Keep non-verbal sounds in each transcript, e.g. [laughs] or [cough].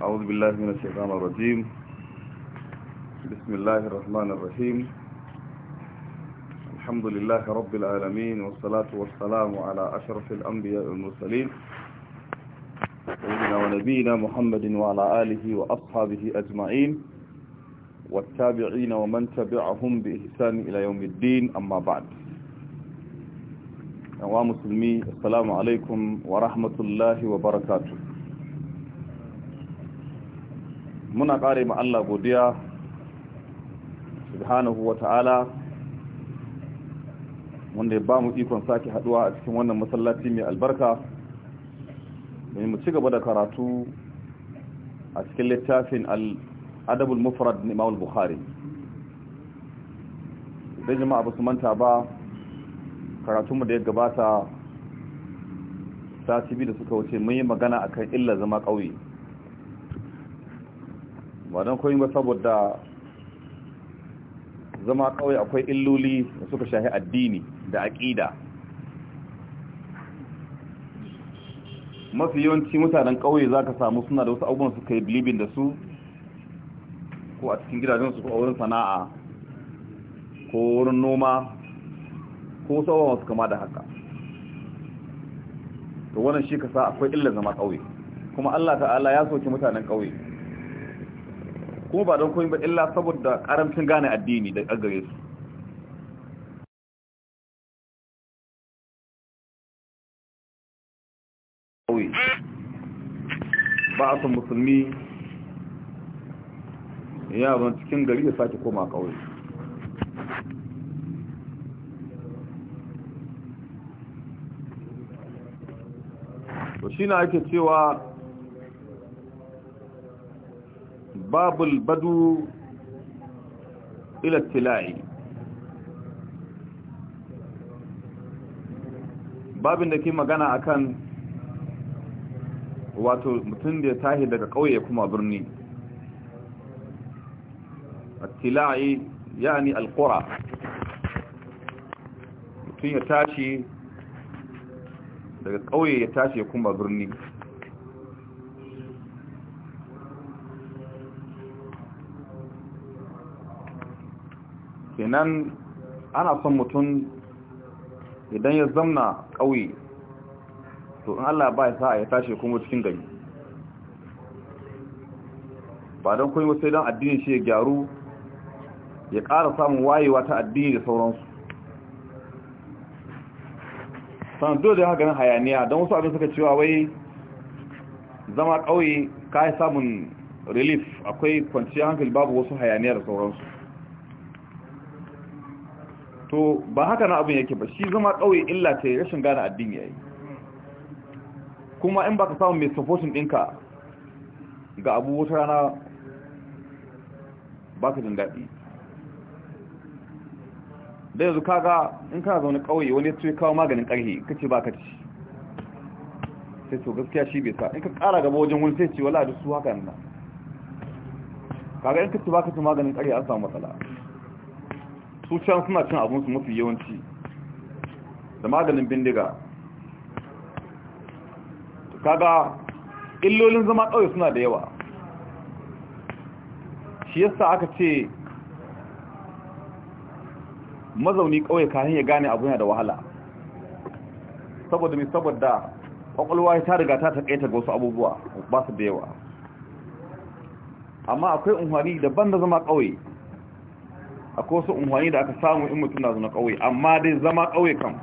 أعوذ بالله من الشيطان الرجيم بسم الله الرحمن الرحيم الحمد لله رب العالمين والصلاة والسلام على أشرف الأنبياء والمرسلين سيدنا ونبينا محمد وعلى آله وأصحابه أجمعين والتابعين ومن تبعهم بإحسان إلى يوم الدين أما بعد أعوام مسلمي السلام عليكم ورحمة الله وبركاته muna ƙare ma Allah godiya subhanahu wa ta'ala wanda ya ba mu ikon sake haduwa a cikin wannan masallaci mai albarka mai mu ci gaba da karatu a cikin littafin adabul mufrad na Imam Bukhari idan jama'a ba su manta ba karatunmu da ya gabata sati biyu da suka wuce mun yi magana akan illa zama ƙauye ba don koyi ba saboda zama kawai akwai illoli da suka shahi addini da aƙida mafi yawanci mutanen ƙauye za ka samu suna da wasu abubuwan suka yi bilibin da su ko a cikin su ko a wurin sana'a ko wurin noma ko wasu kama da haka to wannan shi ka sa akwai illa zama ƙauye kuma allah ta'ala ya soke mutanen ƙauye kuma ba don koyi ba illa saboda karancin gane addini da gare su ba a san musulmi yaron cikin gari ya sake koma kawai to shi na ake cewa babul badu ila tila'i babin da ke magana akan wato mutum da ya tahi daga kauye kuma birni tila'i yani alqura mutum ya tashi daga kauye ya tashi kuma birni kenan ana son mutum idan ya zamna ƙauye to in Allah ba ya sa ya tashi kuma cikin gari ba don kuma sai don addini shi ya gyaru ya ƙara samun wayewa ta addini da sauransu sannan dole da ya haganin hayaniya don wasu abin suka cewa wai zama ƙauye ka yi samun relief akwai kwanciyar hankali babu wasu hayaniya da sauransu to ba haka na abin yake ba shi zama kauye illa ta yi rashin gane addini yayi kuma in baka samu mai supporting dinka ga abu wata rana baka jin daɗi da yanzu kaga in kana zaune kauye wani ya kawo maganin ƙarhe kace ka ci sai to gaskiya shi bai sa in ka ƙara gaba wajen wani sai ce wala da su haka nan kaga in ka ci ka ci maganin ƙarhe an samu matsala su can suna cin abun su mafi yawanci da maganin bindiga kaga illolin zama ƙauye suna da yawa shi yasa aka ce mazauni ƙauye kayan ya gane abu yana da wahala saboda mai saboda ƙwaƙwalwa ta riga ta taƙaita ga wasu abubuwa ba su da yawa amma akwai unhari daban da zama ƙauye akwai wasu umarni da aka samu in mutum na zuna kauye amma dai zama kauye kan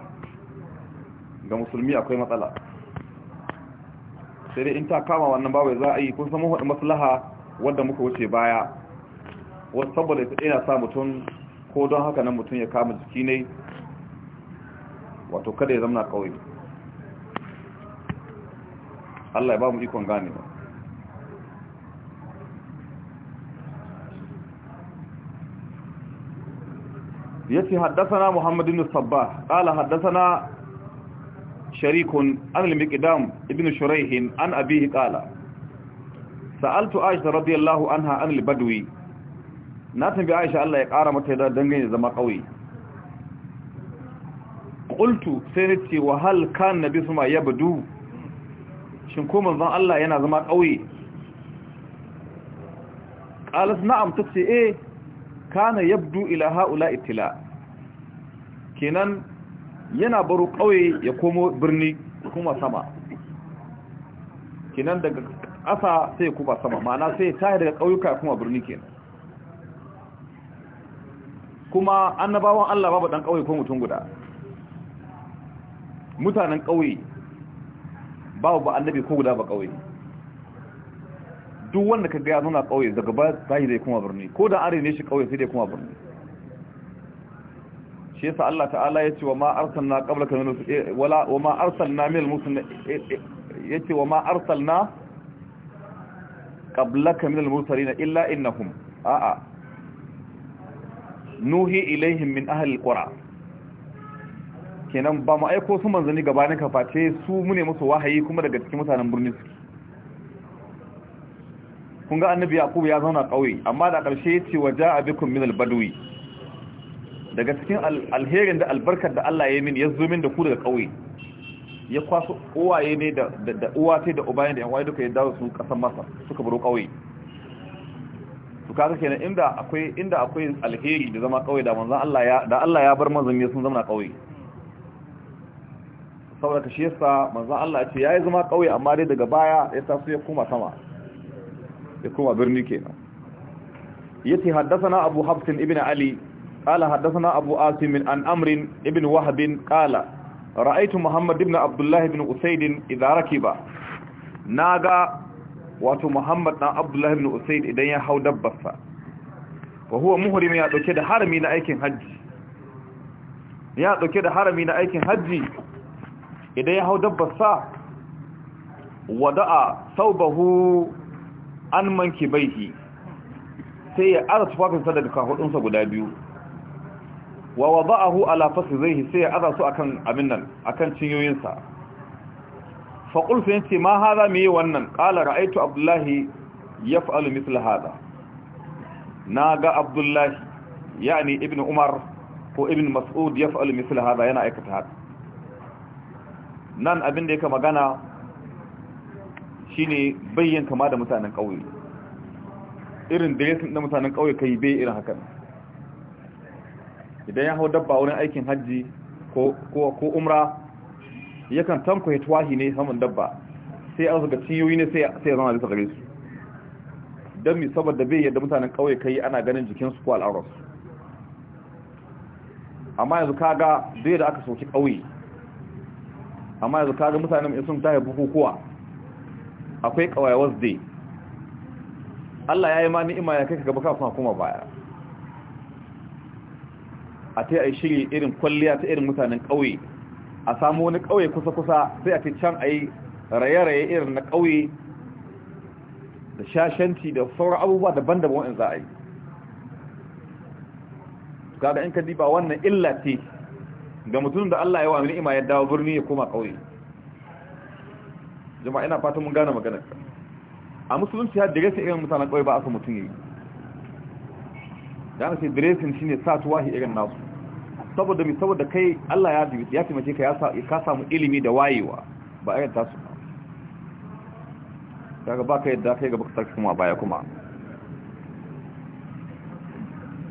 ga musulmi akwai matsala sai dai in ta kama wannan babu za a yi kun samu haɗin maslaha wadda muka wuce baya wasu saboda tsaye na sa mutum ko don haka nan mutum ya kama jiki ne wato kada ya zama kauye Allah ya ba mu ikon gane ba يسي حدثنا محمد بن الصباح قال حدثنا شريك عن المقدام ابن شريح عن أبيه قال سألت عائشة رضي الله عنها عن البدوي ناتن بعائشة الله يقارى متهدى دنجين زما قوي قلت سنتي وهل كان نبي صلى يبدو شنكو من ظن الله ينا زما قوي قالت نعم تكسي ايه kana yabdu ila haula itila, kenan yana baro kauye ya komo birni kuma sama kenan daga ƙasa sai kuma sama ma'ana sai tahi daga kauyuka kuma birni kenan kuma annabawan Allah babu dan kauye ko mutum guda mutanen kauye babu ba annabi ko guda ba kauye duk wanda ka gaya nuna kauye daga ba tahi zai kuma birni ko da are ne shi kauye sai dai kuma birni shi yasa Allah ta'ala yace wa ma arsalna qablaka min eh, wala wa ma arsalna min al-mursalin eh, eh, yace wa ma arsalna qablaka min al-mursalin illa innahum a'a nuhi ilaihim min ahli al-qura kenan ba mu aika su manzanni gabanin ka face su mune musu wahayi kuma daga cikin mutanen birni suke kun ga annabi yaqub ya zauna kauye amma da karshe yace waja'a bikum min albadwi daga cikin alherin da albarkar da Allah ya min ya zo min da ku daga kauye ya kwaso uwaye ne da da uwa sai da ubayen da yan duka ya dawo su kasan masa suka buru kauye to kaga kenan inda akwai inda akwai alheri da zama kauye da manzon Allah ya da Allah ya bar manzon sun zama kauye saboda kashi yasa manzon Allah ya ce yayi zama kauye amma dai daga baya ya taso ya koma sama ya koma birni kenan yace haddathana abu hafs ibn ali قال حدثنا أبو آسم عن أمر ابن وهب قال رأيت محمد بن عبد الله بن أسيد إذا ركب ناغا واتو محمد بن عبد الله بن أسيد إذا يحو دبسا وهو مهرم يأتوكي ده حرمي نأيكين حج يأتوكي ده حرمي نأيكين حج إذا يحو دبسا ودأ ثوبه an manke baiki sai ya aza tufafinsa daga hudunsa guda biyu wa wada'ahu ala fasizaihi sai ya aza su akan abin nan akan cinyoyinsa fa qul sai ce ma hada yi wannan qala ra'aytu abdullahi yaf'alu mithla hada naga abdullahi yani ibnu umar ko ibnu mas'ud yaf'alu mithla hada yana aikata haka nan abin da yake magana shine bayyan kama da mutanen ƙauye irin dressing na mutanen ƙauye kai bai irin hakan idan ya hau dabba wurin aikin hajji ko umra yakan ya tuwahi ne saman dabba sai an zuga ciyoyi ne sai ya zama da gare su don mi saboda bai yadda mutanen ƙauye kai ana ganin jikinsu ko al'aurarsu amma yanzu kaga duk da aka soki ƙauye amma yanzu kaga mutanen sun yi bukukuwa akwai kawayawas dai Allah ya yi ma ni'ima ya kai ka gaba kafin kuma baya a ta yi shiri irin kwalliya ta irin mutanen ƙauye a samu wani ƙauye kusa-kusa sai a ta can a yi raye-raye irin na ƙauye da shashanci da sauran abubuwa daban-daban wa'in za a yi kada in ka diba wannan illa ce ga mutum da Allah ya wa ni'ima ya dawo birni ya koma ƙauye jama'a ina fata mun gane maganar a musulunci ya diresa irin mutanen kawai ba a so mutum yi da ana sai diresin shine sa tuwahi irin nasu saboda mi saboda kai Allah ya dubi ya taimake ka ya ka samu ilimi da wayewa ba irin tasu daga ba ka yadda kai gaba ka kuma baya kuma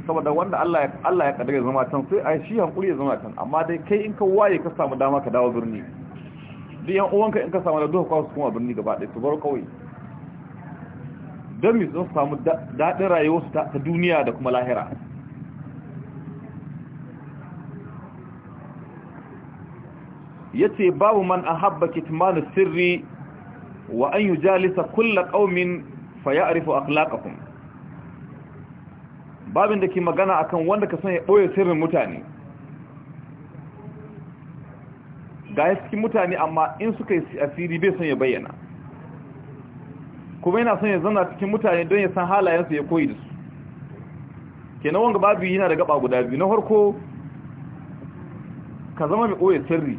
saboda wanda Allah ya Allah ya zama can sai ai shi hankuri ya zama can amma dai kai in ka waye ka samu dama ka dawo birni da yan uwanka in ka samu da duka kwasu kuma birni gaba ɗaya su bar kawai don za su samu daɗin rayuwarsu ta duniya da kuma lahira ya ce babu man a haɓa kitmanu sirri wa an yi jalisa kulla ƙaumin fa ya arifu babin da ke magana akan wanda ka sanya ya ɓoye sirrin mutane ga ya cikin mutane amma in suka yi asiri bai son ya bayyana kuma yana son ya zana cikin mutane don ya san halayensu ya koyi da su kenan wanga babu yana da gaba guda biyu na farko ka zama mai ɓoye sirri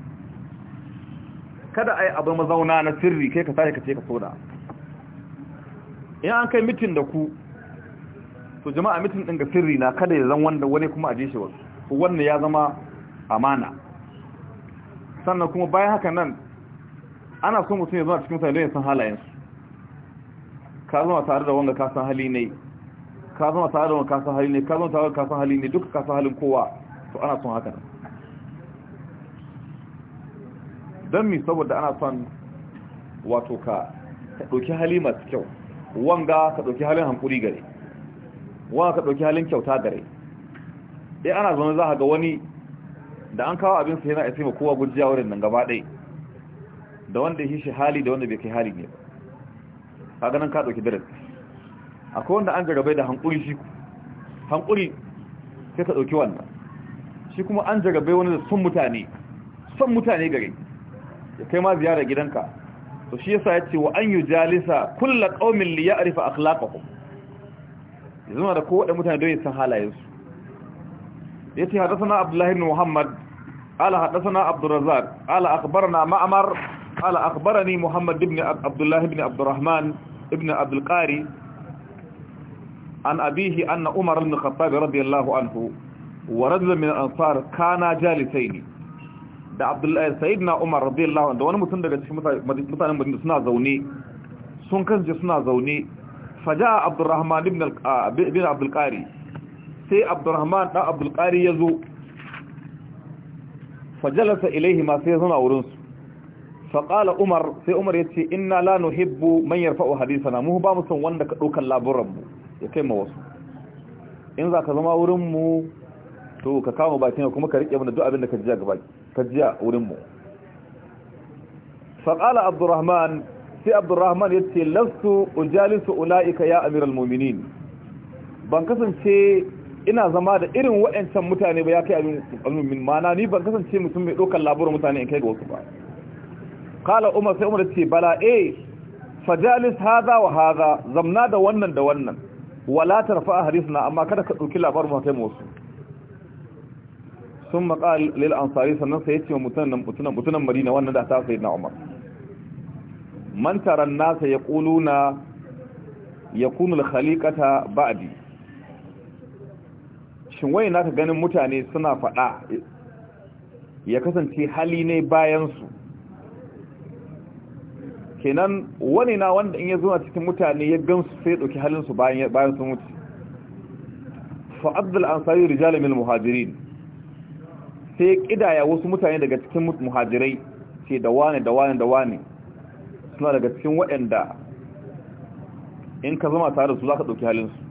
kada a yi abin mazauna na sirri kai ka sake ka ce ka soda in an kai mitin da ku to jama'a mitin ɗin ga sirri na kada ya zan wanda wani kuma a je wasu wannan ya zama amana sannan kuma bayan haka nan ana so mutum ya zama cikin sa ya san halayensu ka zama tare da wanda ka san hali ne ka zama tare da wanda ka san hali ne ka zama tare da ka san hali ne duka ka san halin kowa to ana son haka don mi saboda ana son wato ka ka ɗauki hali masu kyau wanga ka ɗauki halin hankuri gare wanga ka ɗauki halin kyauta gare dai ana zama za ga wani da an kawo abin sai yana a taimaka kowa gujiya wurin nan gaba ɗaya da wanda ya shi hali da wanda bai kai hali ne ka ganin ka ɗauki darasi akwai wanda an jarabai da hankuri shi hankuri sai ka ɗauki wannan shi kuma an jarabai wani da son mutane son mutane gare ya kai ma ziyara gidanka to shi yasa ya ce wa an yi jalisa kulla ƙaumin liya a rufe akhlaƙahum ya zama da kowaɗe mutane don ya san halayensu yace hadathana Abdullahi ibn muhammad ala hadathana abdurrazzaq ala akhbarana ma'mar ala akhbarani muhammad ibn abdullah ibn abdurrahman ibn abdul an abihi anna umar ibn khattab radiyallahu anhu wa rajul min al-ansar kana jalisaini da abdullahi sayyidina umar radiyallahu anhu wani mutum daga cikin mutanen madina suna zaune sun kasance suna zaune faja abdurrahman ibn ibn abdul sai abdurrahman ɗan abdulkari ya zo fajalasa ilaihi ma sai ya zama wurinsu faƙala umar sai umar ya ce ina la hibbu man yarfa'u hadisana mu ba mu son wanda ka ɗaukan laburanmu ya kai ma wasu in za ka zama wurinmu to ka kama bakin kuma ka riƙe mana duk abin da ka jiya gaba ka jiya wurinmu faƙala abdurrahman sai abdurrahman ya ce lastu ujalisu ula'ika ya amiral muminin ban kasance ina zama da irin waɗancan mutane ba ya kai alumin mana ni ban kasance mutum mai ɗaukar labarin mutane in kai ga wasu ba kala umar sai umar ce bala e fajalis haza wa haza zamna da wannan da wannan wala tarfa na amma kada ka ɗauki labarin mu kai wasu sun maƙa lil ansari sannan sai ya ce mutunan mutunan marina wannan da ta sayi na umar man taran nasa ya ƙuluna ya kunu khaliƙata ba'adi shin wai naka ganin mutane suna faɗa ya kasance hali ne bayansu kenan wani na wanda in ya zo a cikin mutane ya gansu sai ya ɗauki halinsu bayan sun mutu abdul ansari rijalin mil muhajirin sai ƙidaya wasu mutane daga cikin muhajirai ce da wane da wane da wane suna daga cikin waɗanda in ka zama tare da su za ka ɗauki halinsu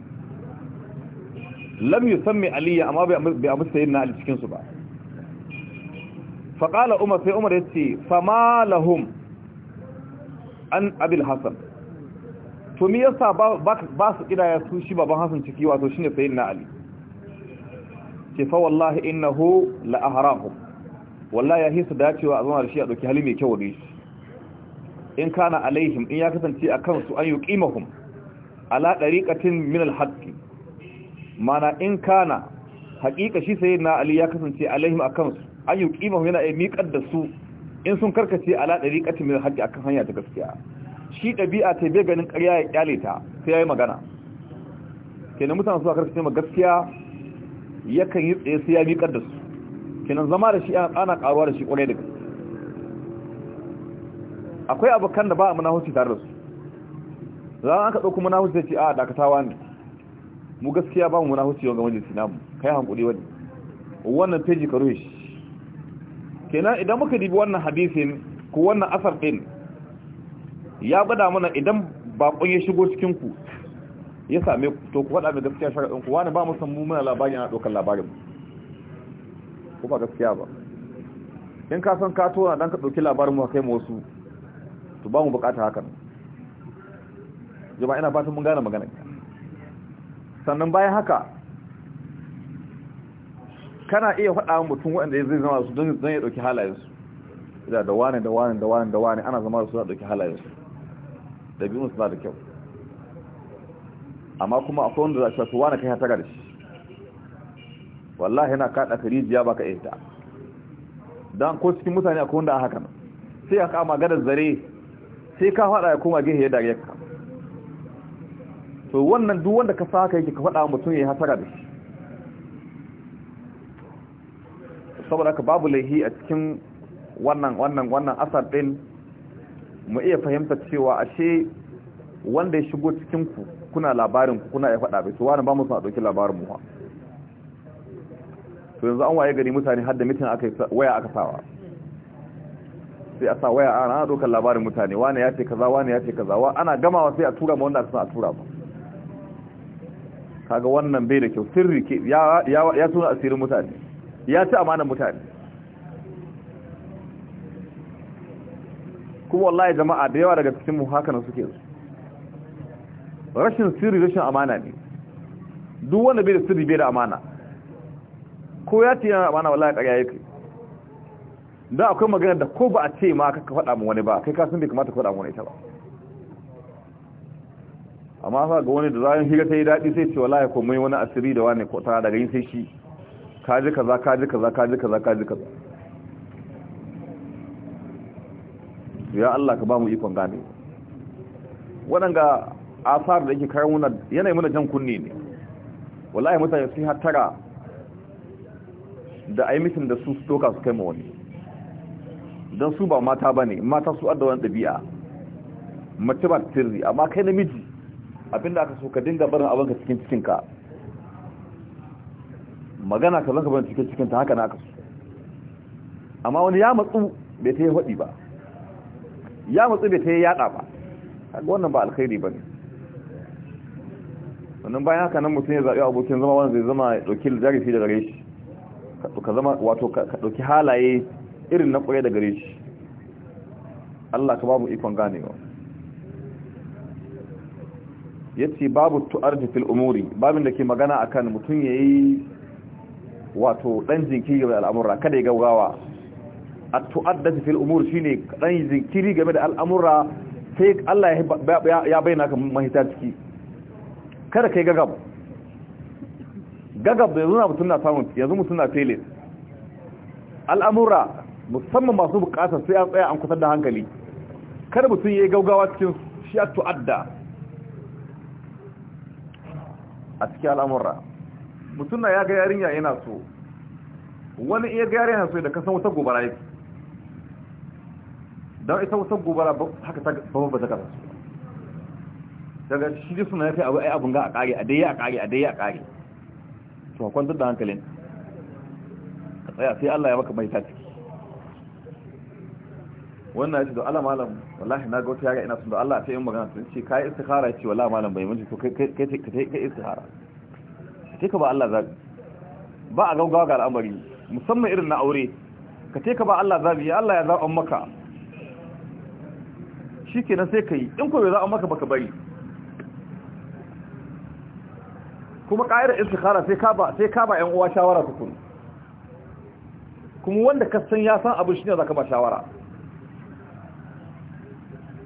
lam yusammi aliyya amma bai abu sayyidina ali cikin su ba fa qala umar sai umar yace fama lahum an abil hasan to me yasa ba su kidaya su shi baban hasan ciki wato shine na ali ce fa wallahi innahu la ahrahum wallahi ya hisa dacewa a zama da shi a dauki hali mai kyau ne in kana alaihim in ya kasance akan su an yuqimahum ala dariqatin min al mana in kana haƙiƙa shi sai na ali ya kasance alaihim a kansu an yi ƙimar yana a miƙar da su in sun karkace ala ɗari ƙacin mai haƙi akan hanya ta gaskiya shi ɗabi'a ta bai ganin ƙarya ya ƙyale ta sai ya yi magana kenan mutane su a karkace ma gaskiya yakan yi tsaye sai ya miƙar da su kenan zama da shi ana ƙaruwa da shi ƙwarai da gaske akwai abokan da ba a munahuci tare da su za a ka ɗauko munahuci sai ce a dakatawa ne mu gaskiya ba mu yau ga majalisi namu kai hankuli wani wannan peji ka ruhe shi kenan idan muka dibi wannan hadisin ko wannan asar din ya bada mana idan bakon ya shigo cikin ku ya same ku to ku faɗa mai gaskiya shari'in ku wani ba mu san mu muna labari na ɗaukar labarin ko ba gaskiya ba in ka san ka tona dan ka ɗauki labarin mu kai mu wasu to ba mu bukata hakan jama'a ina fatan mun gane magana sannan bayan haka kana iya faɗa wa mutum waɗanda zai zama su don ya ɗauki halayensu da da wane da wane da wane da wane ana zama da su da ɗauki halayensu da biyu musu ba da kyau amma kuma akwai wanda za a shafi wane kai hataga da shi wallahi yana kaɗa ka rijiya ba ka iya ta don ko cikin mutane akwai wanda a haka sai ya kama gadar zare sai ka faɗa ya koma gehe ya dare ka to wannan duk wanda ka saka yake ka faɗa wa mutum ya yi hasara da shi saboda ka babu laihi a cikin wannan wannan wannan asar din mu iya fahimta cewa ashe wanda ya shigo cikin ku kuna labarin ku kuna ya faɗa bai to wani ba mu sa dauki labarin mu ha to yanzu an waye gari mutane har da mitin aka waya aka sawa sai a sa waya ana ɗaukar labarin mutane wani ya ce kaza wani ya ce kaza ana gamawa sai a tura ma wanda aka san a tura ba kaga wannan bai da kyau sirri ke ya suna tuna asirin mutane ya ci amanan mutane kuma wallahi jama'a da yawa daga cikin hakanan suke su rashin sirri rashin amana ne duk wanda bai da sirri bai da amana ko ya ce yana amana wallahi ƙarya yake da akwai magana da ko ba a ce ma ka faɗa mu wani ba kai ka san bai kamata ka faɗa mu wani ita ba amma sa ga wani da yi hira ta yi daɗi sai ce wallahi ko mai wani asiri da wani ko daga yin sai shi ka ji kaza ka kaza ka kaza ka kaza ya Allah ka ba mu ikon gane waɗanga asar da yake kayan na yanayi muna jan kunni ne wallahi mutane sun hatara da a yi mitin da su stoka su kai ma wani don su ba mata ba ne mata su adda wani ɗabi'a mace ba ta sirri amma kai namiji abinda aka so ka dinga barin abinka cikin cikinka magana ka zanka barin cikin cikinta haka na aka so amma wani ya matsu bai ta yi haɗi ba ya matsu bai ta yi yaɗa ba haka wannan ba alkhairi ba ne wannan bayan haka nan mutum ya zaɓi abokin zama wanda zai zama ya ɗauki jarifi da gare shi ka zama wato ka ɗauki halaye irin na ƙwaye da gare shi Allah ka ba mu ikon ganewa yace babu tu'arji fil umuri babin da ke magana akan mutum yayi wato dan jinkiri game da al'amura kada ya gaugawa at tu'addatu fil umuri shine dan jinkiri game da al'amura sai Allah ya bayyana ka mahita ciki kada kai gagab gagab da yanzu mutun na samun yanzu mutun na fele al'amura musamman masu bukatar sai an tsaya an kusa da hankali kada mutum yayi gaugawa cikin shi at tu'adda a cikin al'amura mutum na ya ga yarinya yana so wani iya ga yarinya so da kasan wata gobara yake don ita wata gobara haka ta babban ba ta kasa su daga shi ji suna kai abu ai abun ga a kare a dai a kare a dai a kare to kwantar da hankalin ka tsaya sai Allah ya maka mai ta ciki wannan yake da Allah malam wallahi na ga wata yara ina sun da Allah ta yi magana sun ce kai istikhara ce wallahi malam bai miji to kai kai kai kai istikhara sai ka ba Allah zabi ba a gaugawa ga al'amari musamman irin na aure ka ce ka ba Allah zabi ya Allah ya zaban maka shikenan sai kai in ko bai zaban maka baka bari kuma ƙa'ira istikhara sai ka ba sai ka ba ƴan uwa shawara tukun kuma wanda ka san ya san abu shine zaka ba shawara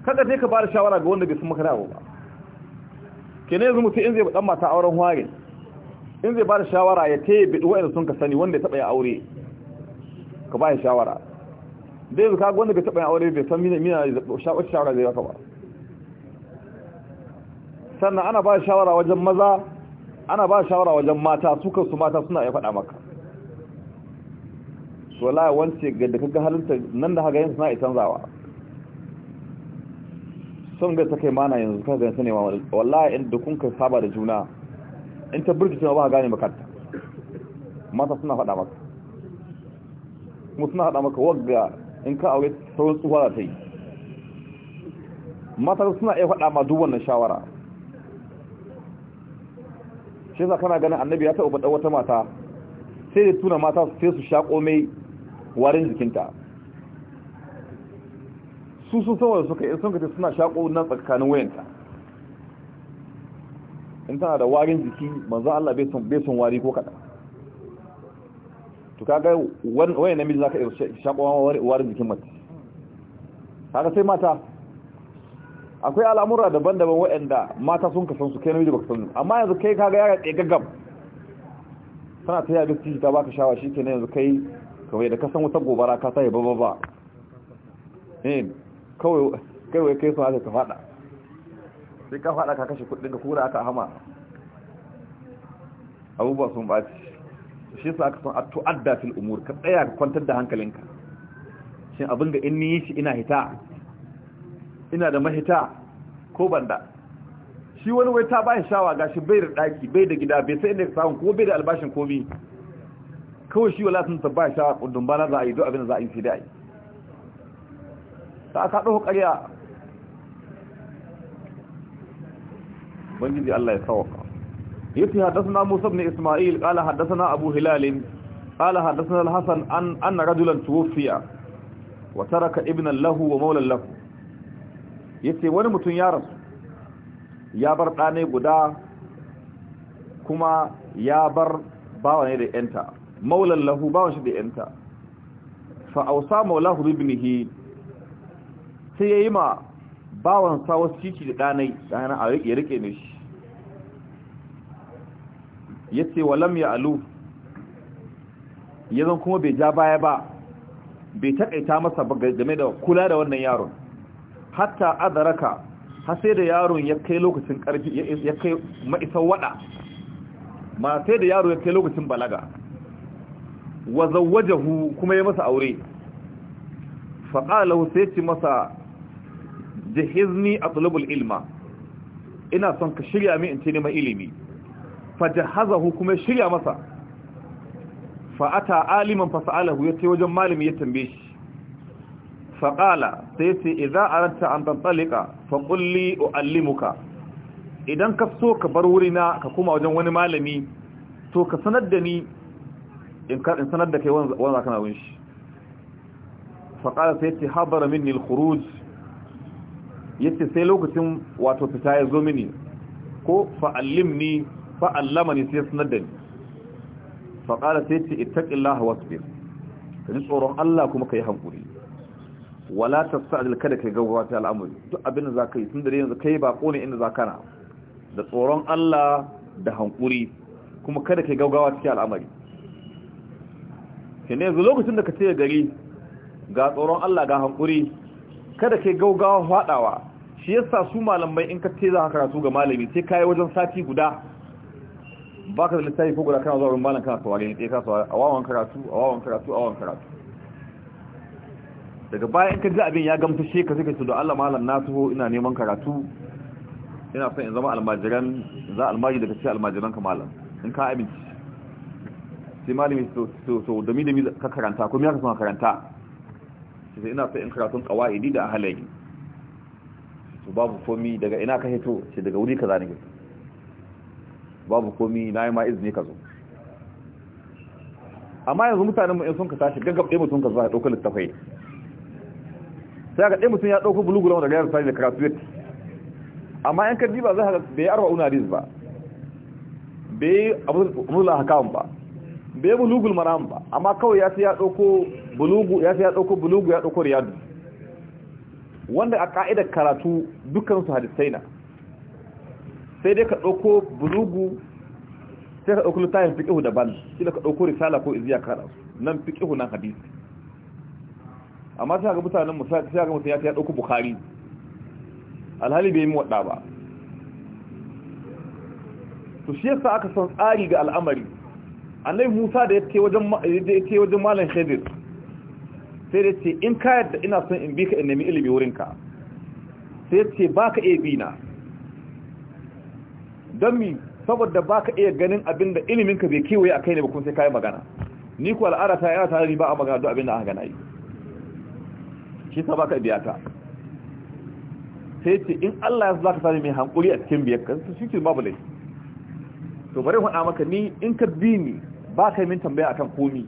kaga sai ka ba da shawara ga wanda bai san maka ba. ba ne yanzu mutum in zai dan mata auren hwari, in zai ba da shawara ya taya bi wa'in sun ka sani wanda ya taba ya aure ka ba ya shawara dai yanzu kaga wanda bai taba ya aure bai san mina mina shawara zai baka ba sannan ana ba shawara wajen maza ana ba shawara wajen mata su kansu mata suna ya faɗa maka to wance ga da kaga halinta nan da haga yin suna isan zawa sun ga take mana yanzu ka gansa ne wallahi in da kun ka saba da juna in ta burkice ba gane makarta mata suna faɗa maka kuma suna faɗa maka wagga in ka aure sauran tsuwa da ta yi mata suna iya faɗa ma duk wannan shawara shi za kana ganin annabi ya taɓa faɗa wata mata sai da tuna mata sai su shaƙo mai warin jikinta su sun saboda suka yi sun kace suna shaƙo na tsakanin wayanta in tana da warin jiki manzan Allah bai sun wari ko kada to kaga wayan namiji zaka shaƙo warin jikin mace haka sai mata akwai al'amura daban-daban waɗanda mata sun kasan su kai namiji kasan san amma yanzu kai kaga ya tsaye gaggam tana ta yi ciki ta baka shawa shikenan yanzu kai kamar da ka san wata gobara ka sai babba ba ba eh. kawai kai fa haka ka fada sai ka fada ka kashe kudin ka kura aka hama abubuwa sun baci shi sa aka son a tu'adda fil umur ka tsaya ka kwantar da hankalinka shin abin da in ni shi ina hita ina da mahita ko banda shi wani wai ta bayan shawa gashi bai da daki bai da gida bai sai inda ka samu ko bai da albashin komi kawai shi wala sun ta bayan shawa kundin bana za a yi do abin da za a yi sai da yi ta ka dauko ƙarya ubangiji Allah ya sauka yace hadathana Musa ibn Isma'il qala hadathana Abu Hilal qala hadathana Al-Hasan an anna rajulan tuwfiya wa taraka ibnan lahu wa mawlan lahu yace wani mutum ya rasu ya bar ɗane guda kuma ya bar bawa ne da yanta mawlan lahu bawan shi da yanta fa awsa maulahu ibnihi sai ya yi ma bawan wasu cici da ɗanai ɗana a ya rike ne shi ya ce walam ya alu ya zan kuma bai ja baya ba bai taƙaita masa ba game da kula da wannan yaron hatta adaraka har sai da yaron ya kai lokacin ƙarfi ya kai ma'isar waɗa ma sai da yaro ya kai lokacin balaga wa zawwajahu kuma ya masa aure faƙalahu sai ci masa jihizni atlubul ilma ina son ka shirya min in ce neman ilimi fajahazahu kuma shirya masa fa'ata aliman fasa'alahu ya ce wajen malami ya tambaye shi faƙala sai ce idan aranta an tantalika faƙulli u'allimuka idan ka so ka bar wurina ka kuma wajen wani malami to ka sanar da ni in sanar da kai wanzu kana wunshi faƙala sai ce habara minni al-khuruj yace sai lokacin wato fita ya zo mini ko fa'allimni fa'allamani sai sanar da ni fa qala sai ce ittaqillaha wasbir kaji tsoron Allah kuma kai hankuri wala tasta'dil kada kai gaggawa ta al'amuri duk abin da zaka yi tun da yanzu kai bako ne inda zaka na da tsoron Allah da hankuri kuma kada kai gaugawa cikin al'amari kene yanzu lokacin da ka ce gari ga tsoron Allah ga hankuri kada kai gaugawa fadawa shi yasa su malamai in ka ce za ka karatu ga malami sai kai wajen sati guda baka da littafi ko guda kana zuwa wurin malam kana saurare ne sai ka so a wawan karatu a wawan karatu a wawan karatu daga baya in ka ji abin ya gamta shi ka sai da Allah malam na su ina neman karatu ina son in zama almajiran za almaji daga cikin almajiran ka malam in ka amince sai malami so so dami dami ka karanta kuma ya ka son karanta sai ina son in karatun qawaidi da ahalai to babu komi daga ina ka hito ce daga wuri kaza ne hito babu komi na yi ma izini ka zo amma yanzu mutanen mu in sun ka tashi gaggab ɗaya mutum ka zuwa ya ɗauka littafai sai ga ɗaya mutum ya ɗauka bulugulan daga yadda sani da karatu yadda amma in ka diba za ka bai arwa una riz ba bai amurla haka ba bai bulugul maram ba amma kawai ya ce ya ɗauko bulugu ya ce ya ɗauko bulugu ya ɗauko riyadu wanda a ka'idar karatu dukansu hadisai na sai dai ka ɗauko bulugu sai ka ɗauko littafin fiƙihu daban ila ka ɗauko risala ko iziya kara nan fiƙihu nan hadisi amma sai ga mutanen mu sai ga mutum ya ɗauko bukari alhali bai yi waɗa ba to shi yasa aka son tsari ga al'amari annabi musa da ya ce wajen malam khidir sai da ce in kayar da ina son in bi ka in nemi ilimi wurinka sai ce ba ka iya bi na don mi saboda ba ka iya ganin abin da iliminka bai kewaye a kai ne ba kuma sai ka yi magana ni ku al'ada ta yana tare ba a magana don abin da aka gana yi shi sa ba ka biya ta sai ce in Allah ya za ka sami mai hankuri a cikin biyar ka su shi babu bulai to bari faɗa maka ni in ka bi ni ba ka yi min tambaya akan komi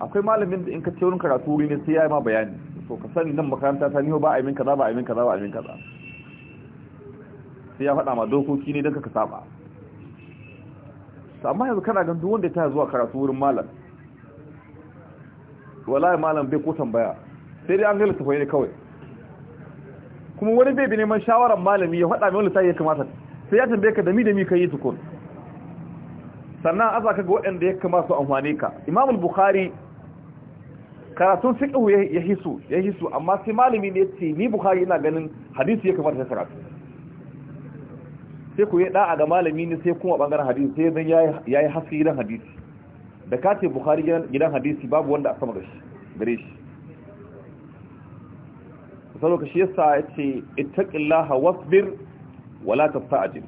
akwai malamin da in ka ce wurin karatu wuri ne sai ya yi ma bayani so ka sani nan makaranta ta niho ba a yi min kaza ba a yi min kaza ba a yi min kaza sai ya faɗa ma dokoki ne don ka saba amma yanzu kana gan duk wanda ta zuwa karatu wurin malam wallahi malam bai ko tambaya sai dai an ga su ne kawai kuma wani bai bi neman shawarar malami ya faɗa mai sai ya kamata sai ya tambaye ka da mi da mi ka yi tukun sannan aza ga waɗanda ya kamata su amfane ka imamul bukhari karatun fiqhu ya hisu ya hisu amma sai malami ne ce ni bukhari ina ganin hadisi ya kamata ta karatu sai ku yi da'a ga malami ne sai kuma bangaren hadisi sai zan yayi haske gidan hadisi da ka ce bukhari gidan hadisi babu wanda a sama da shi gare shi sai lokaci yasa yace ittaqillaha wasbir wala tasta'jil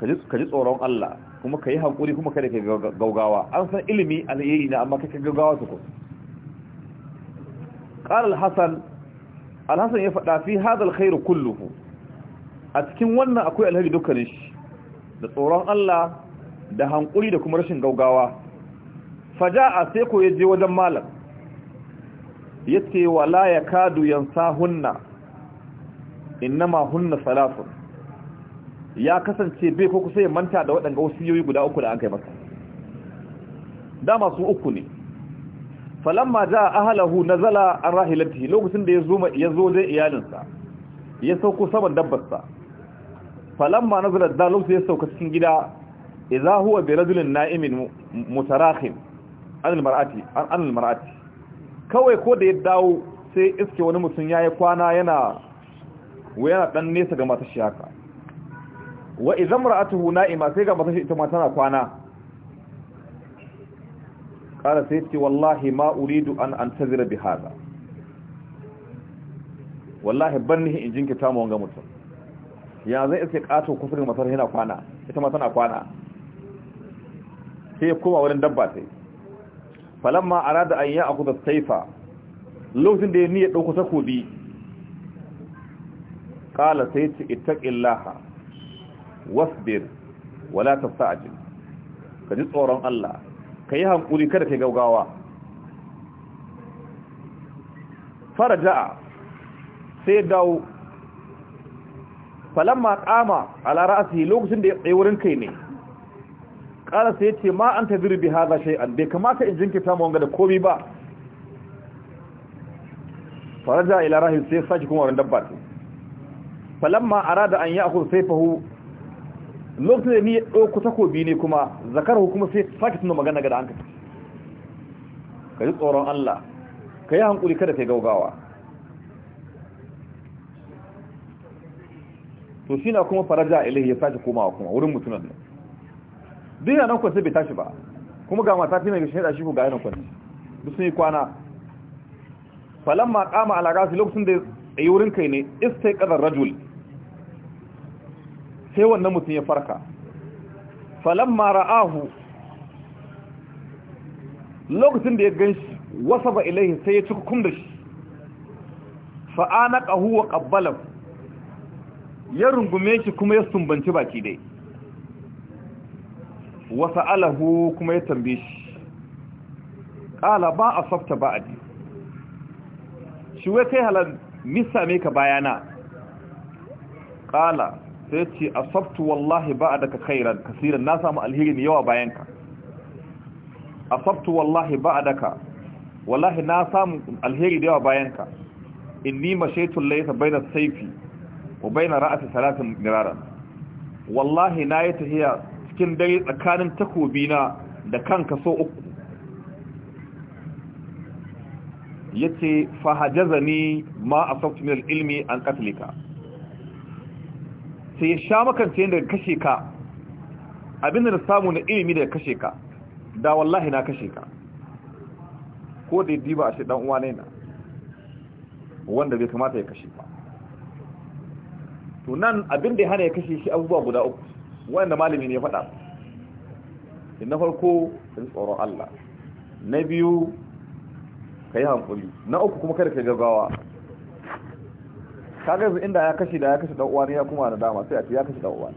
kaji kaji tsoron Allah kuma ka yi haƙuri kuma kada ka gaugawa an san ilimi alheri na amma ka gaugawa su kuma قال الحسن الحسن يفدا في ya الخير fi hadha al-khair a cikin wannan akwai alheri dukkanin shi da tsoron Allah da hankuri da kuma rashin gaugawa faja'a sai ko yaje wajen malam yace wala yakadu yansahunna innama hunna Salafu. ya kasance bai ko kusa ya manta da waɗanda wasu yoyi guda uku da an kai masa dama su uku ne falamma ahalahu na zala an rahilanti lokacin da ya zo zai iyalinsa ya sauko saman dabbarsa falamma zala da lokacin ya sauka cikin gida idza huwa bi rajulin na'imin mutarakhim an almar'ati an almar'ati kawai ko da ya dawo sai iske wani mutum yayi kwana yana yana dan nesa ga matashi haka wa idza mar'atuhu na'ima sai ga matashi ita ma tana kwana kala sai wallahi ma uridu an antazira bi hada wallahi banni in jinkita mu wanga mutum ya zai iske kato kusurin matar yana kwana ita ma sai ya koma wurin dabba sai falamma arada an ya akuda saifa lokacin da ya niyya dauko takobi qala sai ce wala kaji tsoron Allah ka yi hankuri kada ka yi gaugawa fara ja'a sai dawo falamma kama a ra'asi lokacin da ya tsaye wurin kai ne ƙara sai ce ma an tazir bi hadha shay'an bai kamata in jinkirta mu wanga da komai ba fara ja'a ila rahib sai saki kuma wurin dabba falamma rada an akwai sai fahu lokacin da ni ya ɗauku takobi ne kuma zakar hukuma sai sake suna magana ga da hankali ka ji tsoron Allah ka yi hankuli kada ka yi gaugawa to shi na kuma faraja ilahi ya sake komawa kuma wurin mutunan nan duk yana kwanci bai tashi ba kuma ga mata fi mai gashi da shi ko ga yana kwanci duk sun yi kwana falamma kama ala lokacin da yi wurin kai ne istai kadar rajul sai wannan mutum ya farka falamma ra'ahu lokacin da ya shi wasa ba ilaihi sai ya cika kum da shi fa'anaqahu wa qabbalahu ya rungume shi kuma ya sumbanci baki dai wasa alahu kuma ya tambaye shi ƙala ba a safta ba a shi wai kai halar nisa ka bayana ƙala sai ce a asabtu wallahi ba a ba'daka kairan kaseeran na samu alheri mai yawa bayan ka asabtu wallahi ba a ba'daka wallahi na samu alheri da yawa bayan ka inni mashaitu laysa baina sayfi wa baina ra'si salatin miraran wallahi na yi tahiya cikin dare tsakanin takobi na da kanka so uku yace fahajazani ma a min al-ilmi an qatlika sai ya sha makance daga kashe ka abin da samu na ilimi da kashe ka da wallahi na kashe ka ko da ya diba a shi dan uwa ne na wanda bai kamata ya kashe ba to nan abin da ya hana ya kashe shi abubuwa guda uku wanda malami ne ya faɗa na farko in tsoron Allah na biyu ka yi hankuli na uku kuma kada ka gaggawa kaga yanzu inda ya kashe da ya kashe dan uwa ne ya kuma da dama sai a ce ya kashe dan uwa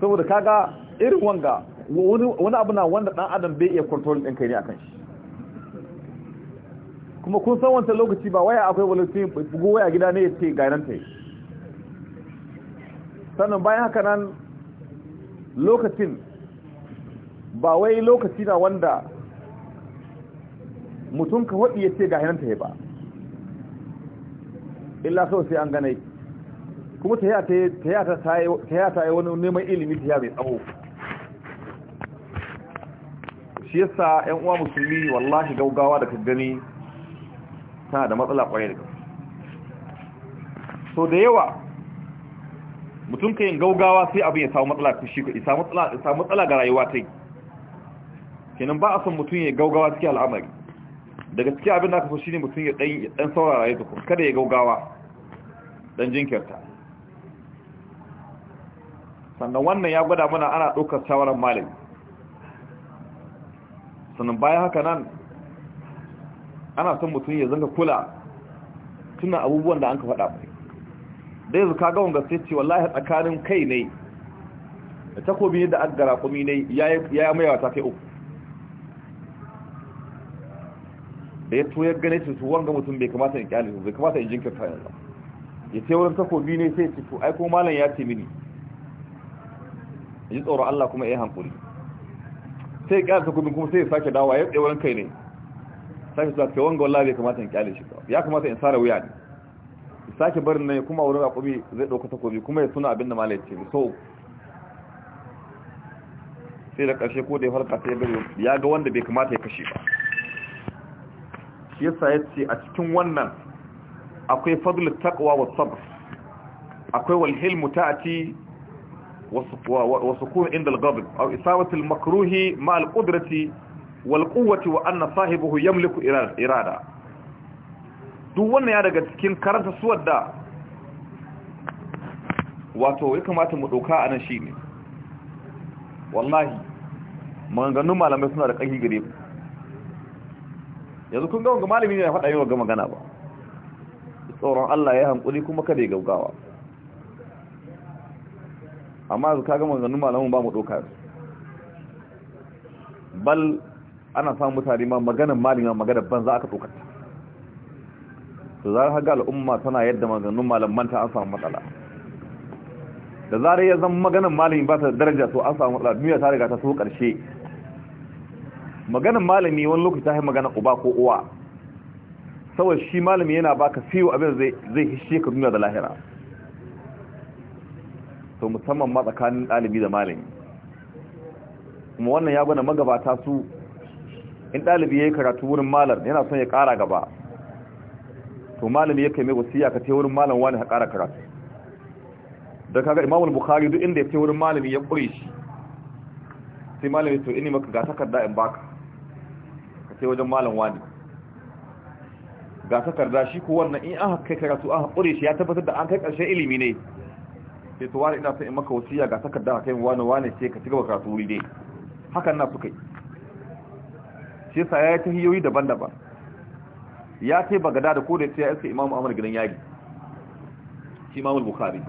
saboda kaga irin wanga wani abu na wanda dan adam bai iya control din kai ne akan shi kuma kun san wancan lokaci ba waya akwai volunteer bugu waya gida ne ya ce ga nan ta sannan bayan haka nan lokacin ba wai lokaci na wanda mutum ka waɗi ya ce ga nan ta ba illa kawai sai an ganai kuma ta yata yi wani neman ilimi ta yabe tsawo shi yasa yan uwa musulmi wallahi gaugawa da kaggani tana da matsala kwayar da so da yawa mutum ka yin gaugawa sai abin ya samu matsala ta shi kuɗi samu matsala ga rayuwa ta yi kenan ba a son mutum ya gaugawa cikin al'amari daga cikin abin da aka so shi ne mutum ya ɗan saurara ya zuku kada ya gaugawa don jinkirta sannan wannan ya gwada mana ana ɗaukar shawarar malami sannan bayan haka nan ana son mutum ya zanga kula tunan abubuwan da an ka faɗa mai da yanzu ka gawon gaske cewa wallahi tsakanin kai ne da takobi da aggara kumi ne ya yi mayawa ta kai uku da ya to ya gane su wanga mutum bai kamata in kyale bai kamata in jinkirta yanzu ya ce wurin takobi ne sai ce to ai ko malam ya ce mini ji tsoro Allah kuma ya hankuri sai ya kyalata takobin kuma sai ya sake dawa ya tsaye wurin kai ne sake zuwa kai wanga wallahi bai kamata in kyale shi ba ya kamata in sare wuya ne sake barin nan kuma wurin raƙumi zai ɗauka takobi kuma ya suna abin da malam ya ce so sai da ƙarshe ko da ya farka sai ya ga wanda bai kamata ya kashe ba shi yasa ya ce a cikin wannan akwai fadlul taqwa wa sabr akwai wal hilmu ta'ati isawat al الغضب ma al qudrati wal quwwati wa anna صاحبه yamliku irada. duk wannan ya daga cikin karanta suwar da wato ya kamata mu ɗauka a nan shi ne wallahi maganganun malamai suna da ƙangi gare mu yanzu kun gawon ga malami ne ya faɗa yi wa ga magana ba tsoron Allah ya hankuli kuma kada ya gaugawa amma ka ga maganganun malamin ba mu doka bal ana samun mutane ma maganar malima maganar banza aka dokata da zarar haga al'umma tana yadda maganganun ta an samu matsala da zarar ya zama maganar malami ba ta daraja to an samu matsala duniya ta riga ta so karshe maganar malami wani lokaci ta yi magana uba ko uwa saboda shi malami yana baka siyo abin da zai hishe ka duniya da lahira to musamman ma tsakanin ɗalibi da malami kuma wannan ya gwada magabata su in ɗalibi ya yi karatu wurin malar yana son ya kara gaba to malami ya kai mai wasiya ka ce wurin malam wani ya ƙara karatu da kaga imamul bukhari duk inda ya ce wurin malami ya ƙure shi sai malami to ini maka ga takarda in baka ka ce wajen malam wani ga takarda shi ko wannan in aka kai karatu aka ƙure shi ya tabbatar da an kai ƙarshen ilimi ne sai to wani ina son in maka wasiya ga takarda aka yi wani wani sai ka cigaba karatu wuri ne hakan na suka yi shi sa ya yi ta hiyoyi daban-daban ya ce gada da ko sai ya ce imamu amur gidan yari shi imamu bukari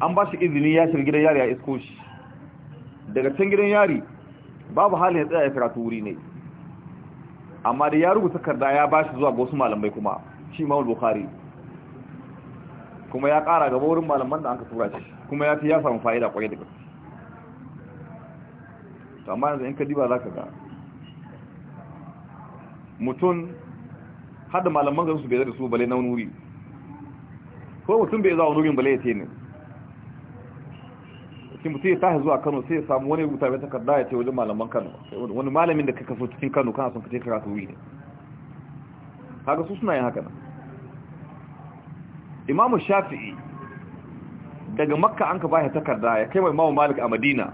an ba shi izini ya shiga gidan yari ya isko shi daga can gidan yari babu halin ya tsaya ya karatu wuri ne amma da ya rubuta karda ya bashi zuwa ga wasu malamai kuma shi ma bukari kuma ya kara gaba wurin malaman da an ka tura shi kuma ya fi ya samu fa'ida kwaye da gaske amma yanzu in ka diba za ka ga mutum hada malaman ga su bai zai da su bale na wuri ko mutum bai zuwa wurin bale ya ce ne sai mutum ya tashi zuwa Kano sai ya samu wani rubuta mai takarda ya ce wajen malaman Kano wani malamin da kaka so cikin Kano kana son ka je karatu wuri haka su suna yin haka nan imamu Shafi'i daga Makka an ka bashi takarda ya kai wa Imam Malik a Madina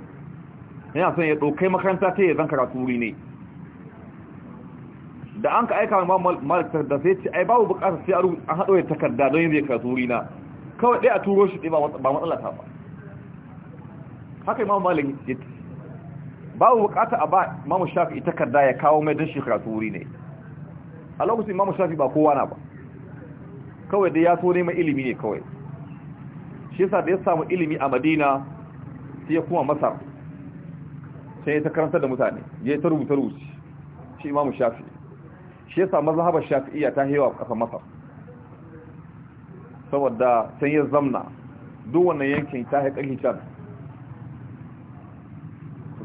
yana son ya ɗaukai makaranta ta ya zan karatu wuri ne da an ka aika wa Imam Malik takarda sai ce ai babu bukatar sai an haɗo ya takarda don yin zai karatu wuri na kawai dai a turo shi ba matsala ta ba haka imamu malik ya babu bukata a ba imamu shafi takarda ya kawo mai don shekara wuri ne a lokacin imamu shafi ba kowa na ba kawai dai ya so nema ilimi ne kawai shi yasa da ya samu ilimi a madina sai ya kuma masar sai ya ta karanta da mutane ya ta rubuta rubuci shi imamu shafi shi yasa mazhabar shafi'iyya ta hewa kasar masar saboda sai ya zamna duk wannan yankin ta haƙa hijab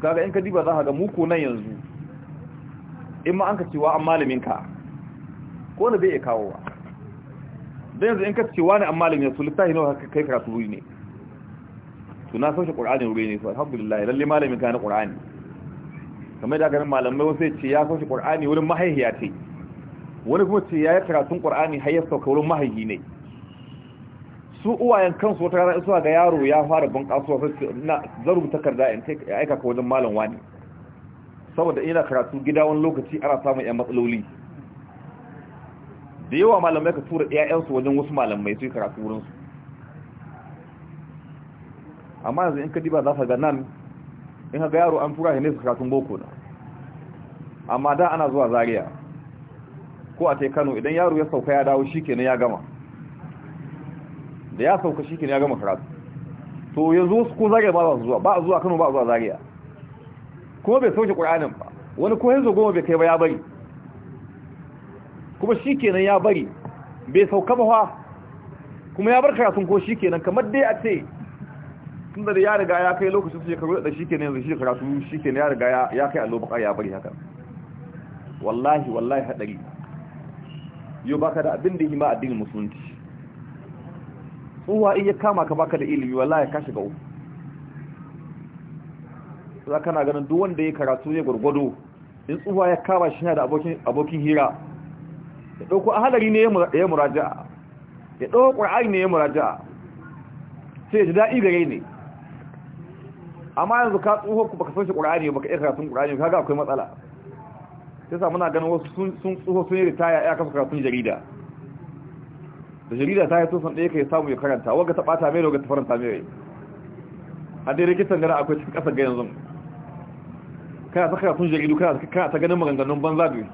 kaga in ka diba za ka ga muku nan yanzu in ma an ka cewa an malamin ka ko na bai iya kawo ba da yanzu in ka cewa ne an malamin ya su littafi nawa kai karatu wuri ne to na sauke qur'ani wuri ne to alhamdulillah lalle malamin ka na qur'ani kamar da ganin malamai wasu ya ce ya sauke qur'ani wurin mahaihiya ce wani kuma ce ya yi karatun qur'ani har ya sauka wurin mahaihi ne su uwayen kansu wata rana suka ga yaro ya fara bunƙasuwa na zaru takarda in aika ka wajen malam wani saboda ina karatu gida wani lokaci ana samun yan matsaloli da yawa malamai ka tura ƴaƴansu wajen wasu malamai su yi karatu wurin su amma yanzu in ka diba za ka ga nan in ka ga yaro an tura shi ne su karatun boko na amma da ana zuwa zaria ko a tai Kano idan yaro ya sauka ya dawo shikenan ya gama da ya sauka shi ya gama karatu to yanzu wasu ko zagaya ba zuwa ba a zuwa kano ba a zuwa zariya kuma bai sauke ƙur'anin ba wani ko yanzu goma bai kai ba ya bari kuma shi kenan ya bari bai sauka ba kuma ya bar karatun ko shi kenan kamar dai a ce tun da ya riga ya kai lokacin su ya karo da shi kenan yanzu shi karatu shi kenan ya riga ya kai allo bakar ya bari haka wallahi wallahi hadari yau baka da abin da ma addinin musulunci tsuwa in ya kama ka baka da ilimi wallahi ka shiga uku za kana ganin duk wanda ya karatu ya gurgudu in tsuwa ya kama shi na da abokin hira ya ɗauko ahalari ne ya muraja ya ɗauko ƙwar'ari ne ya muraja sai ji daɗi gare ne amma yanzu ka tsoho ku baka san shi ƙwar'ari baka iya karatun ƙwar'ari kaga akwai matsala sai sa muna ganin wasu sun tsoho sun yi ritaya ya kafa karatun jarida da jarida ta yi tosan ɗaya ka yi samu ya karanta waga ta ɓata mai da waga ta faranta mai rai a dai rikitan gara akwai cikin ƙasar ganin zan kana ta karatun jaridu kana ta ganin maganganun banza biyu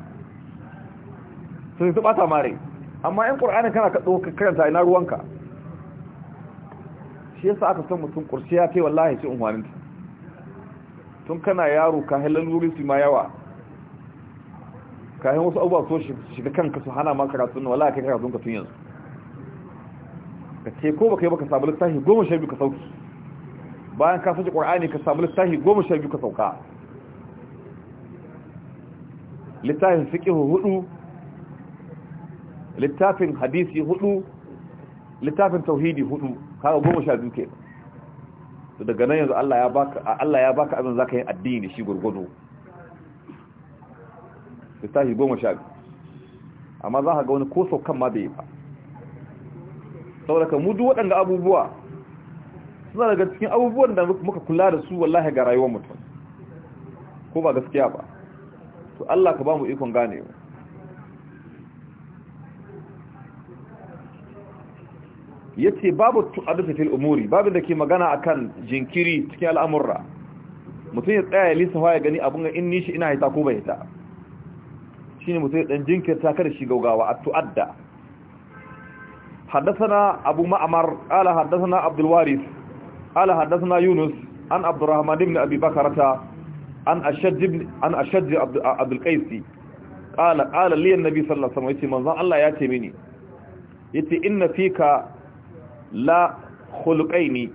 sun ta ɓata mare amma yan ƙur'anin kana ka ɗauka karanta ina ruwanka shi yasa aka san mutum ƙurciya ta yi wallahi ce ta. tun kana yaro ka halar wuri su ma yawa kayan wasu abubuwa so shiga kanka su hana ma karatun wallahi kai karatun ka tun yanzu ka ce ko baka yi baka samu littafi goma sha biyu ka sauki bayan ka sace ƙwar'ani ka samu littafi goma sha biyu ka sauka littafin fiƙihu hudu littafin hadisi hudu littafin tauhidi hudu kaga goma sha biyu ke daga nan yanzu Allah ya baka abin za ka zaka yi addini shi gurgudu littafi goma sha biyu amma za ka ga wani ko saukan ma bai yi ba saboda mu duk waɗanda abubuwa suna daga cikin abubuwan da muka kula da su wallahi ga rayuwar mutum ko ba gaskiya ba to Allah ka ba mu ikon gane mu yace babu tu'addu fil umuri babin da ke magana akan jinkiri cikin al'amurra mutum ya tsaya lisa ya gani abun ga inni shi ina hita ko bai hita shine mutum ya dan jinkirta kada shi gaugawa at-tu'adda حدثنا أبو معمر قال حدثنا عبد الوارث قال حدثنا يونس عن عبد الرحمن بن أبي بكرة عن أشج بن عن أشج عبد القيسي قال قال لي النبي صلى الله عليه وسلم يتي منظر الله ياتي مني يتي إن فيك لا خلقين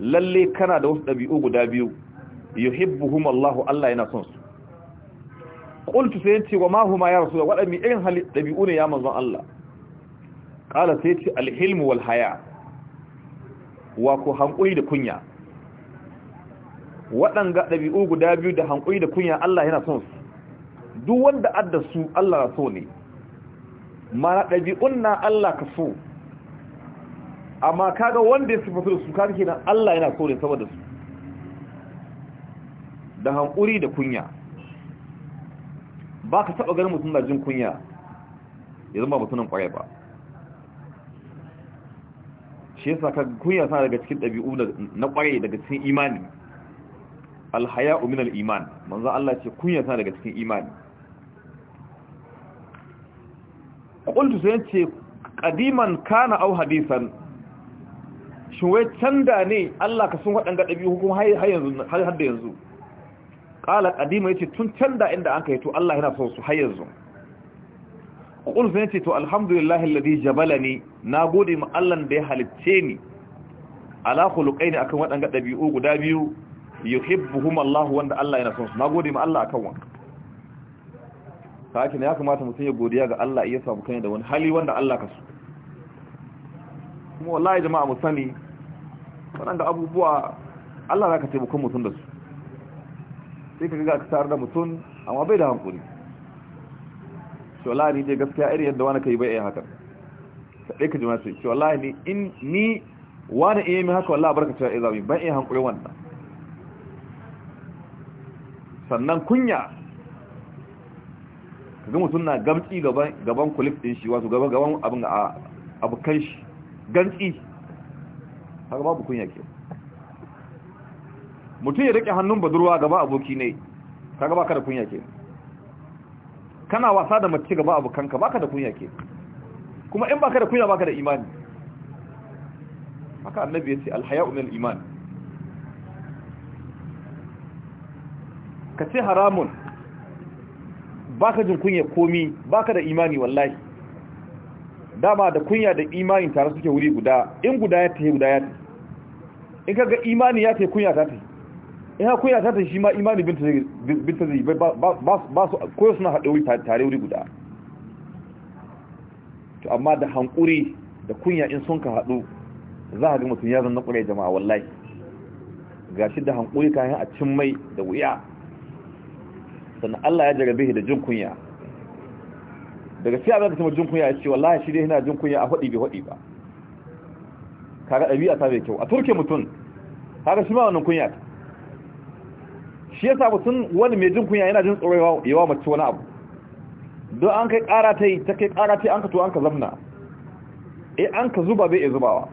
lalle kana da wasu ɗabi'u guda biyu yuhibbuhum Allah Allah yana son su qultu sai yace wa ma huma ya rasul waɗanne irin hali ɗabi'u ne ya manzon Allah Kala sai ce alhilmu wal haya wa ku hankuli da kunya waɗanga ɗabi'u guda biyu da hankuli da kunya Allah yana son su duk wanda adda su Allah so ne mana ɗabi'un na Allah ka so amma kaga wanda ya fasu da su kaga kenan Allah yana so ne saboda su da hankuri da kunya ba ka taɓa ganin mutum da jin kunya ya zama mutumin ƙwarai ba shi yasa ka kunya sa daga cikin ɗabi'u na kware daga cikin imani alhaya'u minal iman manzo Allah ce kunya sa daga cikin imani qultu sai ce qadiman kana aw hadisan shin wai canda ne Allah ka sun wadanga ɗabi'u kuma har yanzu har da yanzu qala qadima yace tun canda inda an yi to Allah yana so su har yanzu ƙulsu ya ce to alhamdulillah alladhi jabalani gode ma Allah da ya halicce ni ala khuluqaini akan waɗanga ɗabi'u guda biyu yuhibbuhum Allah wanda Allah yana son su gode ma Allah akan wannan sakin ya kamata mutum ya godiya ga Allah iya samu kai da wani hali wanda Allah ka so kuma wallahi jama'a mu sani waɗanda abubuwa Allah za ka taimaka mutum da su sai ka ga ka tare da mutum amma bai da hankuri ce wallahi ni gaskiya irin yadda wani kai bai iya haka ta ɗaya ka ji mace ce wallahi ni in ni wani iya mai haka wallahi barka cewa izami ban iya hankuri wannan sannan kunya ka ga mutum na gamci gaban kulif din shi wato gaban abin a abokan shi gantsi haka babu kunya ke mutum ya rike hannun budurwa gaba aboki ne kaga gaba ka da kunya ke kana wasa da mace gaba abokanka baka da kunya ke kuma in baka da kunya baka da imani haka annabi ya ce alhaya'u min iman ka ce haramun baka jin kunya komi baka da imani wallahi dama da kunya da imani tare suke wuri guda in guda ya tafi guda ya tafi in kaga imani ya tafi kunya ta tafi in akuya ta ta shi ma imani binta zai ba su koyo suna haɗe wuri tare wuri guda to amma da hankuri da kunya in sun ka haɗu za a ga mutum ya zan na jama'a wallahi ga shi da hankuri kayan a cin mai da wuya sannan Allah ya jarabe shi da jin kunya daga sai abin da kuma jin kunya ya ce wallahi shi dai yana jin kunya a haɗi bi haɗi ba kaga ɗabi'a ta bai kyau a turke mutum kaga shi ma wannan kunya ta shi yasa mutum wani mai jin kunya yana jin tsoro yawa mace wani abu don an kai kara ta yi ta kai kara ta yi an ka to an ka zamna eh an ka zuba bai iya zubawa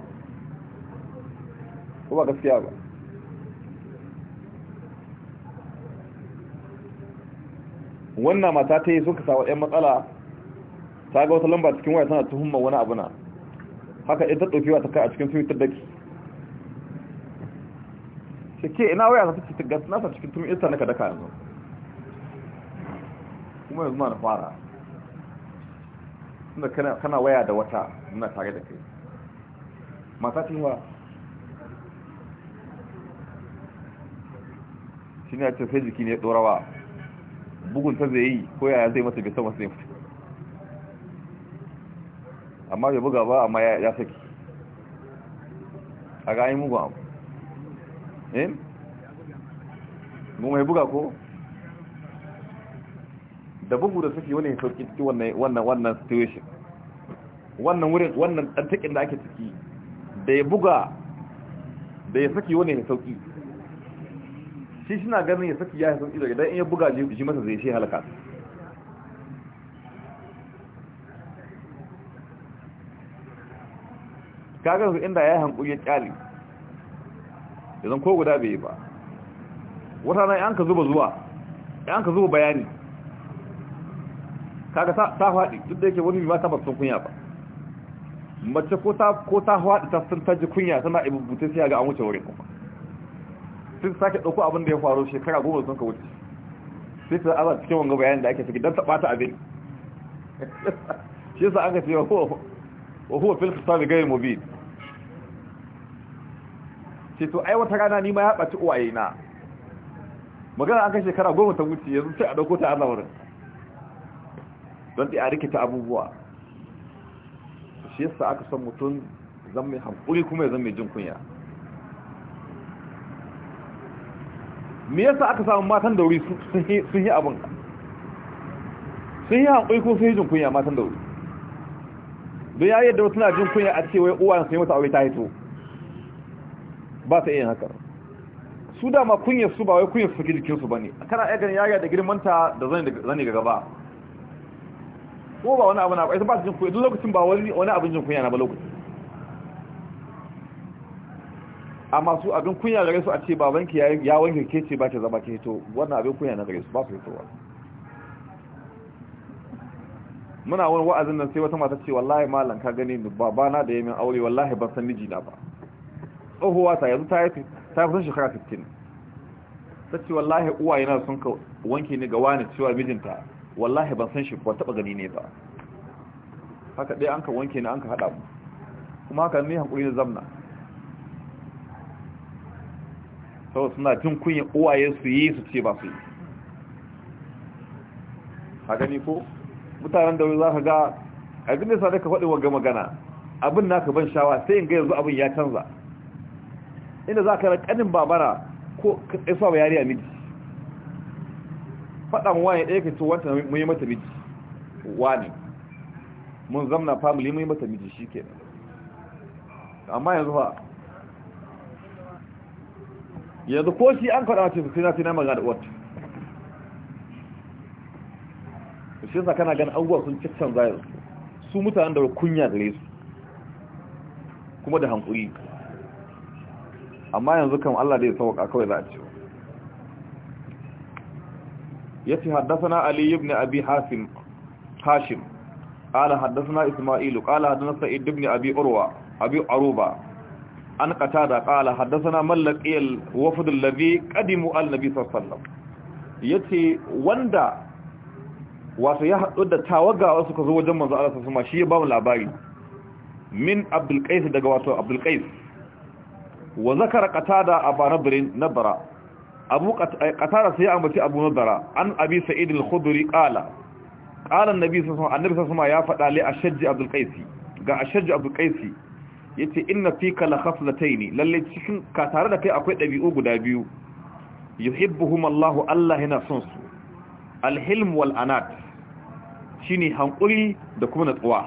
ko ba gaskiya ba wannan mata ta yi suka sawa 'yan matsala ta ga wata lamba cikin waya tana tuhumma wani abu na haka ita ɗaukewa ta kai a cikin twitter ke. ce ina waya ta ce ga na san cikin turmi ita naka daka yanzu kuma yanzu na fara tunda kana waya da wata nuna tare da kai mata ce shi ne a ce sai jiki ne dorawa bugun ta zai yi ko yaya zai mata bisa masu yin amma bai buga ba amma ya saki a ga yi amma mu mai buga ko da bugu da suke wani sauki ciki wannan wannan situation wannan wurin wannan ɗantakin da ake ciki da ya buga da ya saki wani sauki shi suna ganin ya saki ya sauki daga idan in ya buga shi masa zai shi halaka kaga su inda ya hankuri ya kyale yanzu ko guda bai yi ba wata na yanka zuba zuwa yanka zuba bayani kaga ta faɗi duk da yake wani ba ta ba sun kunya ba mace ko ta ko ta faɗi ta sun taji kunya tana bute sai ga an wuce wurin kuma sun sake ɗauko abin da ya faru shekara goma sun ka wuce sai ta aza cikin wanga bayanin da ake saki don taɓa ta abin shi yasa aka ce wa huwa fil khisabi gari mubin ce to ai wata rana ni ma ya ɓaci uwaye na magana an kai shekara goma ta wuce yanzu sai a dauko ta ana wurin don ta rikita abubuwa shi yasa aka san mutum zan mai hankuri kuma ya zan mai jin kunya me yasa aka samu matan dauri sun yi abin sun yi hankuri ko sun yi jin kunya matan da don ya yadda wasu na jin kunya a cikin wai uwa sun yi mata aure ta hito ba ta iya haka su dama kunyar su ba wai kunyar su jikin su bane kana iya ganin yaya da girmanta da zani ga gaba ko ba wani abu na ba ba jin kunya duk lokacin ba wani wani abin jin kunya na ba lokacin amma su abin kunya gare su a ce babanki ya wanke ke ce ba ki zama ki hito wannan abin kunya na gare su ba su hitowa muna wani wa'azin nan sai wata mata ce wallahi malam ka gani babana da yamin aure wallahi ban san miji na ba tsohuwa ta yanzu ta yi ta kusan shekara 15 ta ce wallahi uwaye na sun ka wanke ni ga wani cewa mijinta wallahi ban san shi ba taba gani ne ba haka dai an ka wanke ni an ka hada mu kuma haka ne hankuri na zamna sau suna jin kunya uwaye su yi su ce ba su yi a gani ko mutanen da za ka ga abin da sa da ka faɗi wa gama gana abin naka ban shawa sai in ga yanzu abin ya canza inda za ka yi kanin babara ko sa wa a miji faɗan waye ɗaya ka ci wata mai mata miji wani mun zamna family mai mata miji shi ke amma yanzu ba yanzu ko shi an faɗa cikin sai na sai na magana da wata shi yasa kana ganin abubuwa sun cikin zayar su mutanen da kunya gare su kuma da hankuri amma yanzu kan Allah da ya sauka kawai za a ce ya ce haddasa Ali ibn Abi Hashim ƙala haddasa na Ismailu ƙala haddasa Sa'id ibn Abi Urwa Abi Aruba an kata da ƙala haddasa na mallaƙiyar wafudun labi ƙadimu al-Nabi Sassanam ya ce wanda wasu ya haɗu da tawaga wasu suka zo wajen manzo Allah su suma shi ya ba mu labari min Abdulkaisu daga wasu Abdulkaisu wa zakara qatada aba nabrin nabra abu eh, qatada sai ambaci abu nabra an abi sa'id al-khudri qala qala an-nabi sallallahu alaihi wasallam ya fada li ashajj abdul qaisi ga ashajj abdul qaisi yace inna fika la khaslatayn lalle cikin ka tare da kai akwai dabi'u guda biyu yuhibbuhum Allah Allah yana son su al-hilm wal anat shine hankuri da kuma natsuwa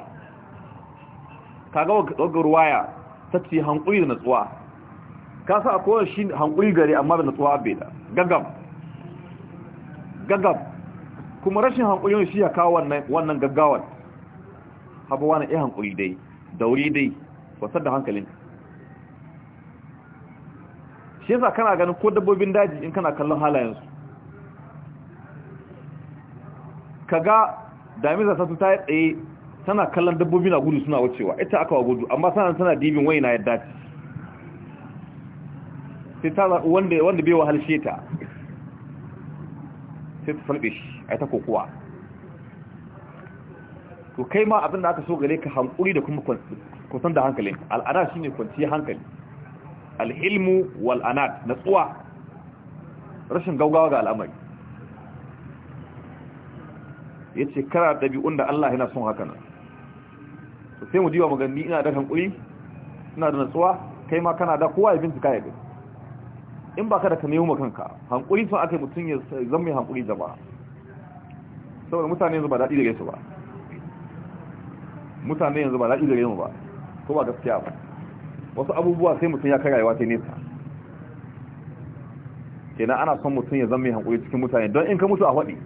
kaga ga ruwaya tace hankuri da natsuwa ka sa akwai shi hankuri gare amma da natsuwa bai da gagam gagam kuma rashin hankuli shi ya kawo wannan gaggawar haɓa wani iya hankuli dai dauri dai wasar da hankalin shi yasa kana ganin ko dabbobin daji in kana kallon halayensu kaga damiza ta yi tsaye tana kallon dabbobi na gudu suna wucewa ita aka wa gudu amma sanar tana dibin na yadda dace sai ta wanda wanda bai wahalshe ta sai ta farbe shi yi ta kokowa to kai ma abin da aka so gare ka hankuri da kuma kusan da hankalin al'ada shine kwanciyar hankali alhilmu wal'anad na tsuwa rashin gaugawa ga al'amari ce kara dabi'un da Allah yana son haka nan sai mu jiwa magani ina da hankuri ina da natsuwa kai ma kana da kowa ya bincika ya gani in ba ka da ka nemo kanka hankuri sun aka mutum ya zama mai hankuri jama'a saboda mutane yanzu ba daɗi da yasu ba mutane yanzu ba daɗi da mu ba ko ba gaskiya ba wasu abubuwa sai mutum ya kai rayuwa sai nesa kenan ana son mutum ya zama mai hankuri cikin mutane don in ka mutu a faɗi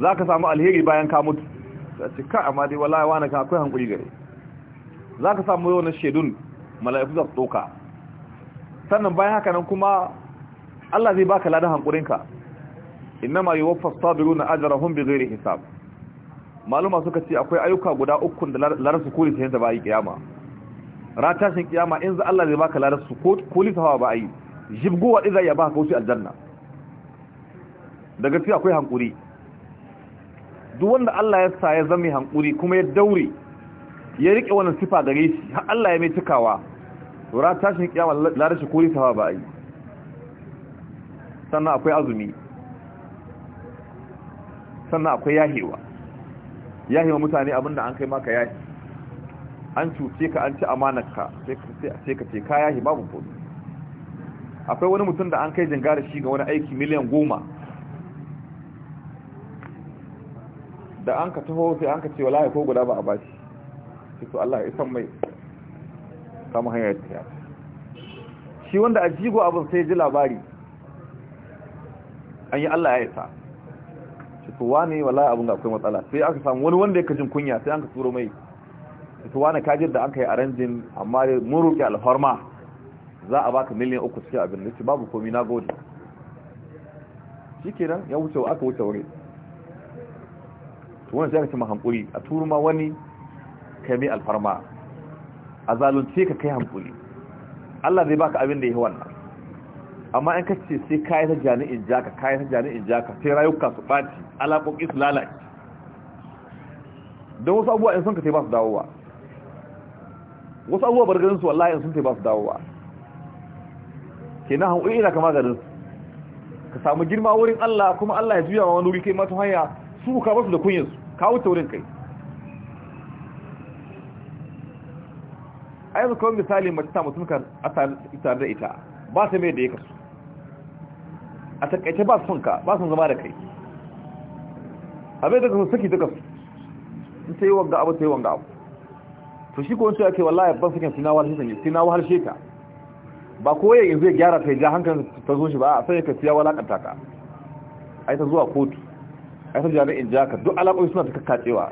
za ka samu alheri bayan ka mutu da cika amma dai wala wani ka akwai hankuri gare za ka samu yawan shaidun mala'iku za su ɗauka sannan bayan haka nan kuma Allah zai baka ladan hankurinka innama yuwaffas sabiruna ajrahum bighairi hisab maluma suka ce akwai ayyuka guda uku da larar su kuli sai da bai kiyama ra tashin kiyama in za Allah zai baka ladan su kuli sawa ba ayi jibgo wa idza ya baka wuce aljanna daga cikin akwai hankuri duk wanda Allah ya sa ya zame hankuri kuma ya daure ya rike wannan sifa gare shi har Allah ya mai cikawa tura tashin kiyama larar shi kori sawa ba a yi sannan akwai azumi sannan akwai yahewa yahewa mutane abinda an kai maka yahi an cuce ka an ci amanarka sai ka ce ka yahi babu kudu akwai wani mutum da an kai jingara shi ga wani aiki miliyan goma da an ka taho sai an ka ce wala ya ko guda ba a bashi su Allah ya isan mai samu hanyar tafiya shi wanda a jigo abin sai ji labari an yi Allah ya isa shi tuwa ne wala abin da akwai matsala sai aka samu wani wanda ya kajin kunya sai an ka tsoro mai tuwa ne kajin da an ka yi aranjin amma mun roƙi alfarma za a baka miliyan uku cikin abin da ce babu komi na gode shi kenan ya wuce aka wuce wuri tuwa ne sai aka ci ma a turu ma wani kami alfarma a zalunce ka kai hankuli Allah zai baka abin da ya yi wannan amma in ka ce sai kayan ta jani'in jaka kayan ta jani'in jaka sai rayuka su ɓaci alaƙoƙi su lalace don wasu abubuwa in sun ka ce ba su dawowa wasu abubuwa bargarin su wallahi in sun sai ba su dawowa kenan hankuli ina kama garin su ka samu girma wurin Allah kuma Allah ya juya wa wani wuri kai masu hanya su ka basu da kunyinsu wuce wurin kai yanzu kawai misali mace ta mutum kan tare da ita ba ta mai da ya kasu a takaice ba sun ka ba sun zama da kai abin da kasu suke duka su ta yi wanga abu ta yi wanga abu to shi ko wancan ake wallahi ban sakin sina wahal shi sina wahal ka ba ko yayin zai gyara ta ja hankalin ta zo shi ba a sai ka siya walakanta ka ai ta zuwa kotu ai ta jami'in jaka duk alaƙoyi suna ta kakkacewa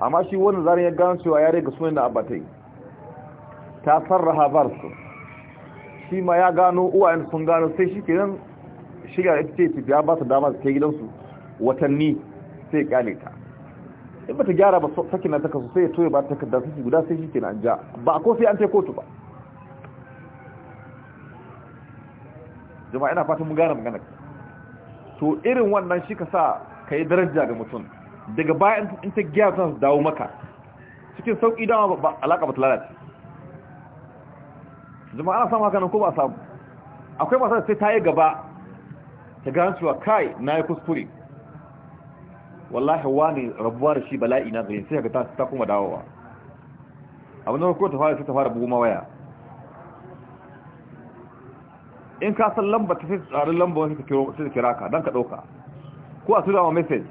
amma shi wannan zarin ya gano cewa ya rage sunan da abba ta sarraha su shi ma ya gano uwayen sun gano sai shi ke nan shiga da ita ce ya ba su dama ta kai gidansu watanni sai kyale ta in ba ta gyara ba sakin nan ta kasu sai ya toye ba ta su shi guda sai shi ke an ja ba ko sai an ce kotu ba jama'a ina fatan mun gane magana to irin wannan shi ka sa ka yi daraja ga mutum daga bayan in ta giya suna su dawo maka cikin sauƙi dama ba alaƙa ba ta lalace zama ana samun hakanan ko ba samu akwai masu sai ta yi gaba ta gane cewa kai na yi kuskure wallahi wani rabuwa da shi bala'i na zai sai ka ta kuma dawowa abu na ko ta fara sai ta fara bugu mawaya in ka san lamba ta sai tsarin lamba wani sai ta kira ka don ka ɗauka ko a su ma message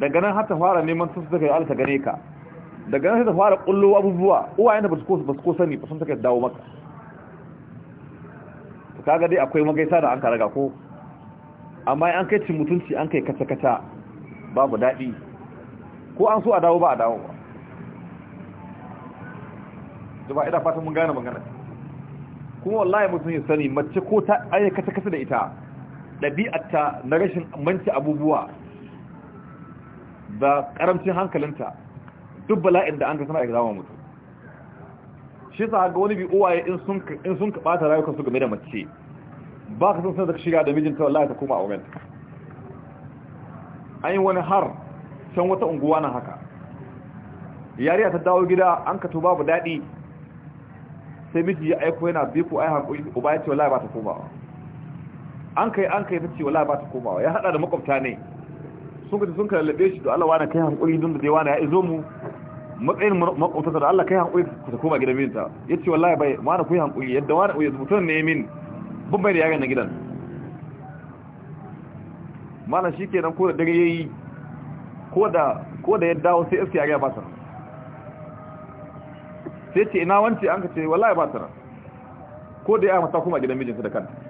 daga nan har ta fara neman sun suka yi alka gane ka daga nan sai ta fara kullo abubuwa uwayen da ba su ko sani ba sun suka dawo maka to kaga dai akwai magaisa da an ka raga ko amma an kai cin mutunci an kai kata-kata babu daɗi ko an so a dawo ba a dawo ba ina fatan mun gane magana kuma wallahi mutum ya sani mace ko ta ayyuka kata-kata da ita Ɗabi'ata na rashin manci abubuwa da karamcin hankalinta duk bala'in da an ka sama a zama mutu shi sa ga wani bi uwaye in sun kaɓa ta rayukan su game da mace ba ka sun sanar da shiga da mijinta wallahi ta koma a wurin an yi wani har can wata unguwa na haka yariya ta dawo gida an ka tuba babu daɗi sai miji ya aiko yana biku ai hankali uba ya ce wallahi ba ta komawa an kai an kai ta ce wallahi ba ta komawa ya haɗa da makwabta ne sun kace sun kallabe shi to Allah wani kai hankuri dun da dai wani ya izo mu matsayin makwabtaka da Allah kai hankuri ku ta koma gidan minta yace wallahi bai na ku hankuri yadda wani ya zubuta ne min bun bai da yaran na gidan mana shikenan ko da dare yayi ko da ko da ya dawo sai iska ya ba ta sai ce ina wance an kace wallahi ba ta ko da ya mata kuma gidan mijinsa da kanta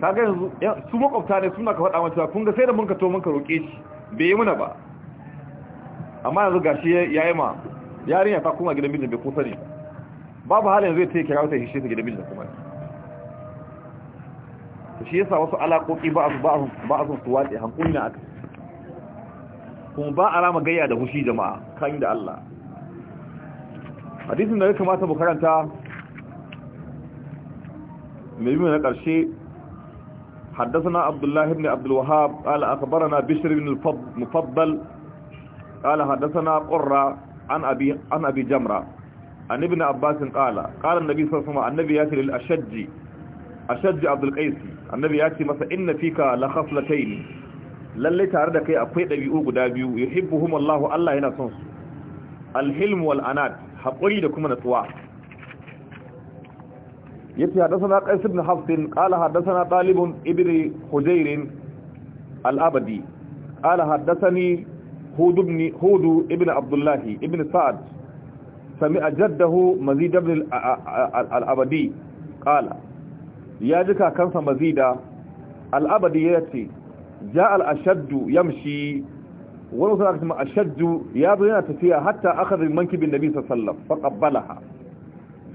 kaga yanzu su makwabta ne suna ka faɗa mata kun ga sai da mun ka to mun ka roke shi bai yi muna ba amma yanzu gashi yi ma ya ta kuma gidan mijin bai kusa ne babu halin zai ta kira wata hishe ta gidan mijin kuma ta shi yasa wasu alaƙoƙi ba a sun su ba su hankuli na aka kuma ba a rama gayya da hushi jama'a kan da Allah hadisin da ya kamata mu karanta mai yi na ƙarshe حدثنا عبد الله بن عبد الوهاب قال أخبرنا بشر بن المفضل قال حدثنا قرة عن أبي, عن أبي جمرة عن ابن عباس قال قال النبي صلى الله عليه وسلم النبي ياتي للأشج أشج عبد القيس النبي ياتي مثلا إن فيك لخصلتين lalle tare da kai akwai ɗabi'u guda biyu yuhibbuhum Allah Allah yana son su alhilm wal anat haƙuri da kuma natsuwa yace hadathana qais ibn hafs qala hadathana talib ibn hujair al-abadi qala hadathani hud ibn hud ibn abdullah ibn sa'd sami'a jaddahu mazid ibn al-abadi qala ya ji kakansa mazida al-abadi yace ja al yamshi wani suna kashin ashaddu ya zo yana tafiya hatta aka zai bin nabi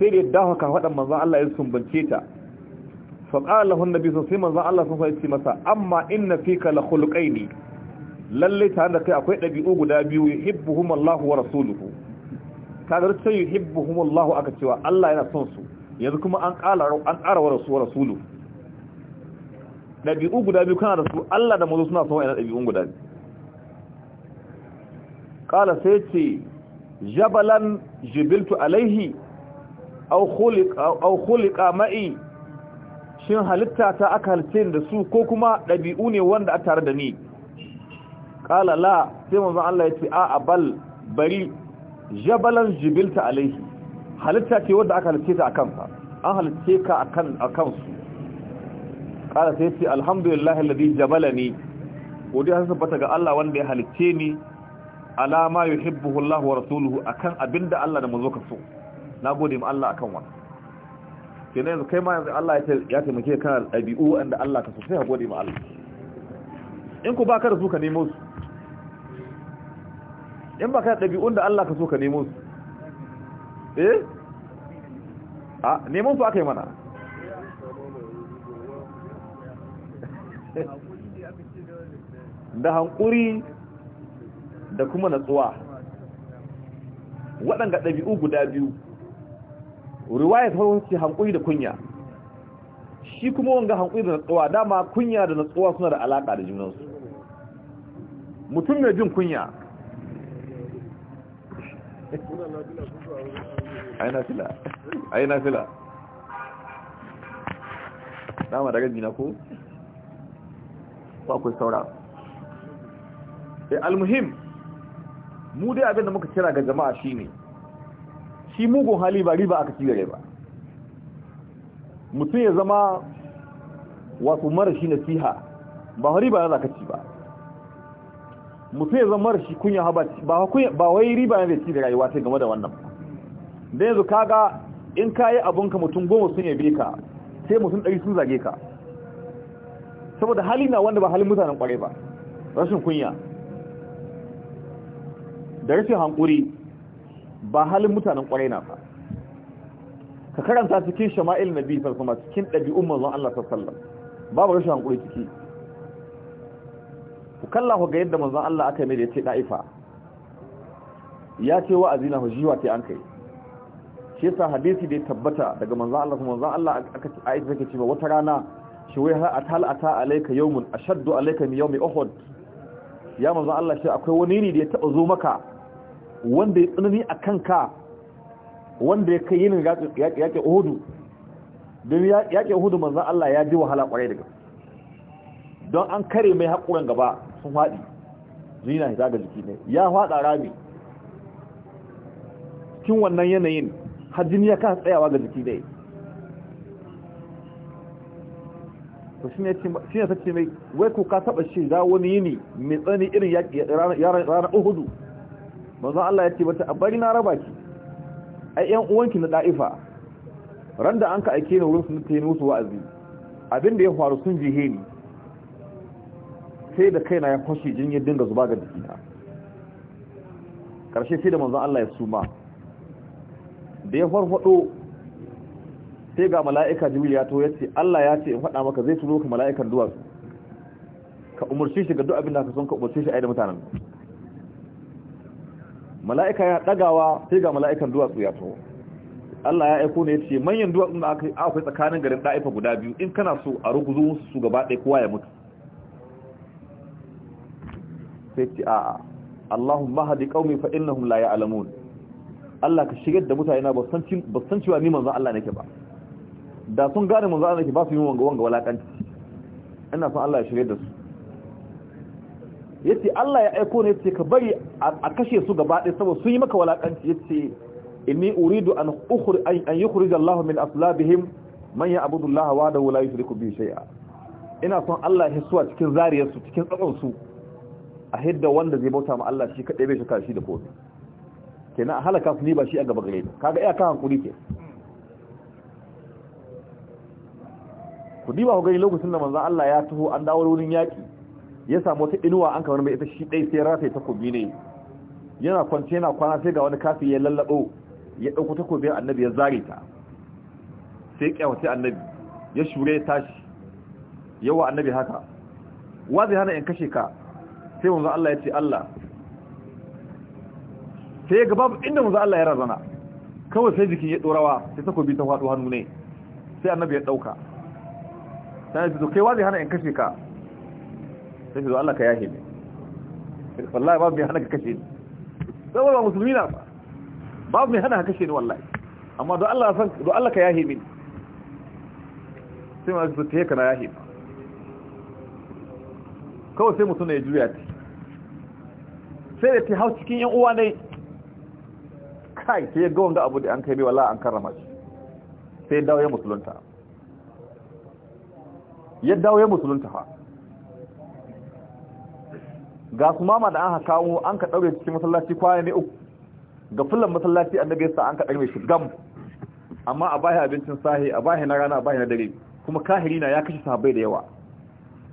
sai da yadda haka faɗan manzan Allah ya sumbance ta faƙalar lahun nabi sun sai manzan Allah sun sai masa amma inna fika la ne. lalle tare da kai akwai ɗabi'u guda biyu yuhibbuhum Allahu wa rasuluhu kagar sai yuhibbuhum Allahu aka cewa Allah yana son su yanzu kuma an ƙara an ƙara wa rasu rasulu ɗabi'u guda biyu kana da su Allah da mazo suna son wa'annan ɗabi'un guda biyu qala sai ce jabalan jibiltu alaihi au khuliqa ma'i shin halitta ta aka halitta da su ko kuma dabi'u ne wanda a tare da ni qala la sai manzon Allah ya ce a bal bari jabalan jibilta alaihi halitta ce wanda aka halitta ta akan fa an halitta ka akan akan su qala sai ce alhamdulillah alladhi jabalani godiya sun tabbata ga Allah wanda ya halitta ni alama yuhibbuhu Allah wa rasuluhu akan abinda Allah da manzo ka so na gode ma Allah akan wannan kenan yanzu kai ma yanzu Allah ya taimake ka ɗabi'u wanda Allah ka sosai sai ka gode ma Allah in ku ka da su ka nemo su in ba ka da ɗabi'un da Allah ka so ka nemo su eh a neman su aka yi mana [laughs] da hankuri da kuma natsuwa waɗanda ɗabi'u guda biyu riwaya ta farko ce hankuri da kunya shi kuma wanga hankuri da natsuwa dama kunya da natsuwa suna da alaka da junansu mutum mai jin kunya aina fila aina fila dama daga jina ko ko akwai saura eh almuhim mu dai abin da muka kira ga jama'a shine shi mugun hali ba riba aka cigare ba mutum ya zama wato marashi nasiha ba riba na ci ba mutum ya zama marashi kunya ba wai riba ya zai ci da rayuwa ta game da wannan da yanzu kaga in ka yi abinka mutum goma sun yabe ka sai mutum ɗari sun zage ka saboda hali na wanda ba halin mutanen kware ba rashin kunya da rashin hankuri ba halin mutanen kwarai na fa ka karanta cikin shama'il na biyu alaihi cikin umar manzon Allah sassallam Ba ba babu rashin hankuri ciki ku kalla ku ga yadda manzon Allah aka mai da ce ɗa'ifa. ya ce wa azina hujiwa ta an kai shi yasa hadisi da ya tabbata daga manzon Allah kuma manzon Allah aka ce Aisha take cewa wata rana shi wai ha atal ata alayka yawmun ashaddu alayka min yawmi uhud ya manzon Allah shi akwai wani ne da ya taɓa zo maka wanda ya tsanani a kanka wanda ya kai yin yaƙe hudu, don yaƙe hudu manzan Allah ya ji wahala kwarai daga don an kare mai haƙuran gaba sun haɗi zina ya ga jiki ne ya haɗa rami cikin wannan yanayin hajjini ya kasa tsayawa ga jiki ne ko shi ne shi ne sace mai wai ko ka taɓa shi za wani yini mai tsani irin ranar uhudu manzon Allah ya ce mata ta bari na raba ki ai ƴan uwanki na da'ifa ran da an ka aike ni wurin su ta yi musu wa'azi abin da ya faru sun jihe ni sai da kaina ya fashe jin ya dinga zuba ga jikina karshe sai da manzo Allah ya suma da ya farfado sai ga mala'ika jibril ya to ya ce Allah ya ce in faɗa maka zai turo ka mala'ikan duwatsu ka umurci shi ga duk abin da ka son ka umurci shi ai yi da mutanen mala'ika ya dagawa sai ga mala'ikan duwatsu ya taho Allah ya aiko ne yace manyan duwatsun da aka akwai tsakanin garin Daifa guda biyu in kana so a ruguzo musu su gaba ɗaya kowa ya mutu sai ce a a Allahumma hadi qaumi fa innahum la ya'lamun Allah ka shigar da mutane ba san cin ba san cewa ni manzo Allah nake ba da sun gane manzo Allah nake ba su yi wanga wanga walakanci ina son Allah ya shigar da su yace Allah ya aiko ne yace ka bari a kashe su gaba ɗaya saboda sun yi maka walakanci yace inni uridu an ukhri an yukhrij Allah min aslabihim man ya'budu Allah wa da la yushriku bi shay'a ina son Allah ya hisuwa cikin zariyar su cikin tsatsan su a hidda wanda zai bauta ma Allah shi kadai bai shi shi da kofi kenan a halaka su ne ba shi a gaba gare kaga iya ka hankuri ke ku diba ku gani lokacin da manzon Allah ya taho an dawo wurin yaki ya samu wata inuwa an kamar mai ita shi ɗai sai rafe takobi ne yana kwanci yana kwana sai ga wani kafi ya lallaɓo ya ɗauko takobi annabi ya zare ta sai ya kyamace annabi ya shure ya tashi yawa annabi haka wa zai hana in kashe ka sai wanzu Allah ya ce Allah sai ya gaba inda wanzu Allah ya razana kawai sai jikin ya ɗorawa sai takobi ta faɗo hannu ne sai annabi ya ɗauka sai ya fito kai wa zai hana in kashe ka sai zo Allah ka yahe mai wallahi babu mai hana ka kashe ni sai ba musulmi na ba babu mai hana ka kashe ni wallahi amma don Allah san don Allah ka yahe min sai ma su tayi kana yahe ba kawai sai mutum ne ya juya ta sai da ta hau cikin yan uwa ne kai sai ya ga wanda abu da an kai bai wallahi an karrama shi sai ya dawo ya musulunta ya dawo ya musulunta ha ga su mama da an haka kawo an ka ɗaure cikin masallaci kwana ne uku ga fulan masallaci annabi sa an ka ɗaure shi gam amma a bahi abincin sahi a bahi na rana a bahi na dare kuma kahiri na ya kashe sahabbai da yawa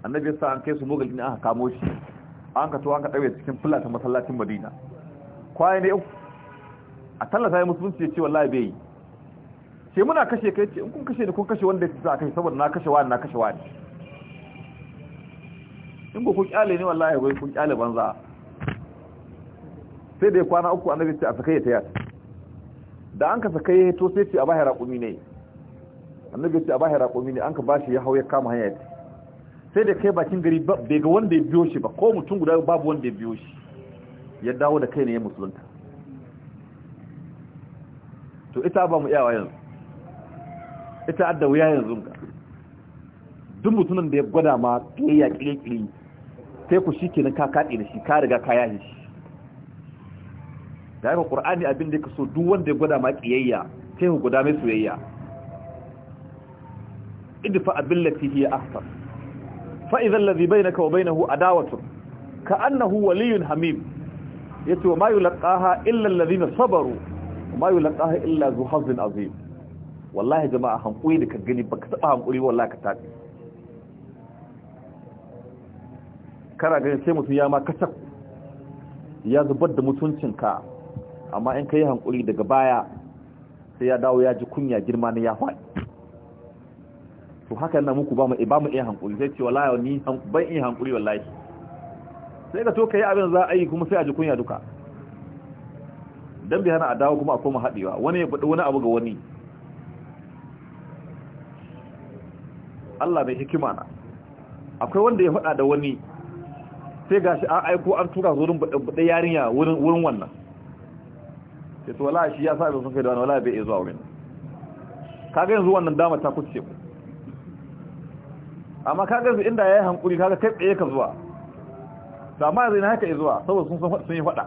annabi sa an kai su mogal ne aka kamo shi an ka to an ka ɗaure cikin fulan ta masallacin madina kwana ne uku a tallata ya musulunci ya ce wallahi bai yi ce muna kashe kai ce in kun kashe ni kun kashe wanda ya ci za a kashe saboda na kashe wani na kashe wani in ku kun kyale ne wallahi wai kun kyale banza sai da ya kwana uku annabi ce a sakaye ta yata da an ka sakaye to sai ce a bahira raƙumi ne annabi ce a bahira raƙumi ne an ka bashi ya hau ya kama hanya ta sai da kai bakin gari bai ga wanda ya biyo shi ba ko mutum guda babu wanda ya biyo shi ya dawo da kai ne ya musulunta to ita ba mu iyawa yanzu ita adda wuya yanzu ka duk mutumin da ya gwada ma ya kire kire sai ku shi kenan ka kaɗe da shi ka riga ka yahi shi da haka ƙur'ani abin da ka so duk wanda ya gwada ma ƙiyayya sai ku guda mai soyayya idfa abin lati hiya ahsan fa idhal ladhi bainaka wa bainahu adawatun ka annahu waliyyun hamim yace wa ma yulqaha illa alladhina sabaru wa ma yulqaha illa zu hazin azim wallahi jama'a hankuri da ka gani baka taba hankuri wallahi ka tafi kana ganin sai mutum ya ma kasar ya zubar da mutuncinka amma in ka yi hankuri daga baya sai ya dawo ya ji kunya girma na ya faɗi to haka yana muku ba mu iya hankuri sai ce wallahi ni ban iya hankuri wallahi sai ka to yi abin za a yi kuma sai a ji kunya duka dan bi hana a dawo kuma a koma haɗewa wani ya fadi wani abu ga wani Allah mai hikima na akwai wanda ya faɗa da wani sai gashi an aiko an tura wurin buɗe yarinya wurin wannan sai to wala shi ya sa da sun kai da wani wala bai iya zuwa wurin kaga yanzu wannan dama ta kuce ku amma kaga yanzu inda yayi hankuri kaga kai tsaye ka zuwa to ma yanzu na haka zuwa saboda sun san sun yi fada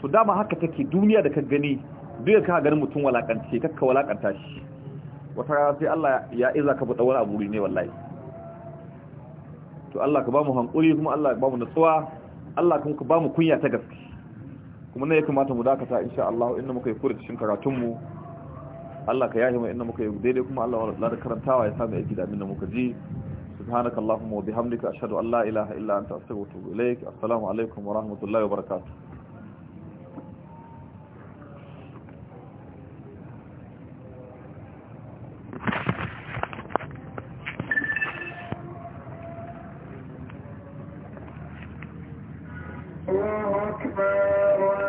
to dama haka take duniya da ka gani duk ka ganin mutum walakance kakka walakanta shi wata rana sai Allah ya iza ka buɗa wani aburi ne wallahi to Allah ka ba mu hankuri kuma Allah ka ba mu natsuwa Allah kuma ka ba mu kunya ta gaske kuma ne ya kamata mu dakata insha Allah inda muka yi kurcin karatun mu Allah ka yahi mu inda muka yi daidai kuma Allah wala da karantawa ya sami aiki da abin da muka ji subhanakallahumma wa bihamdika ashhadu an la ilaha illa anta astaghfiruka wa atubu ilaik assalamu alaikum wa rahmatullahi wa barakatuh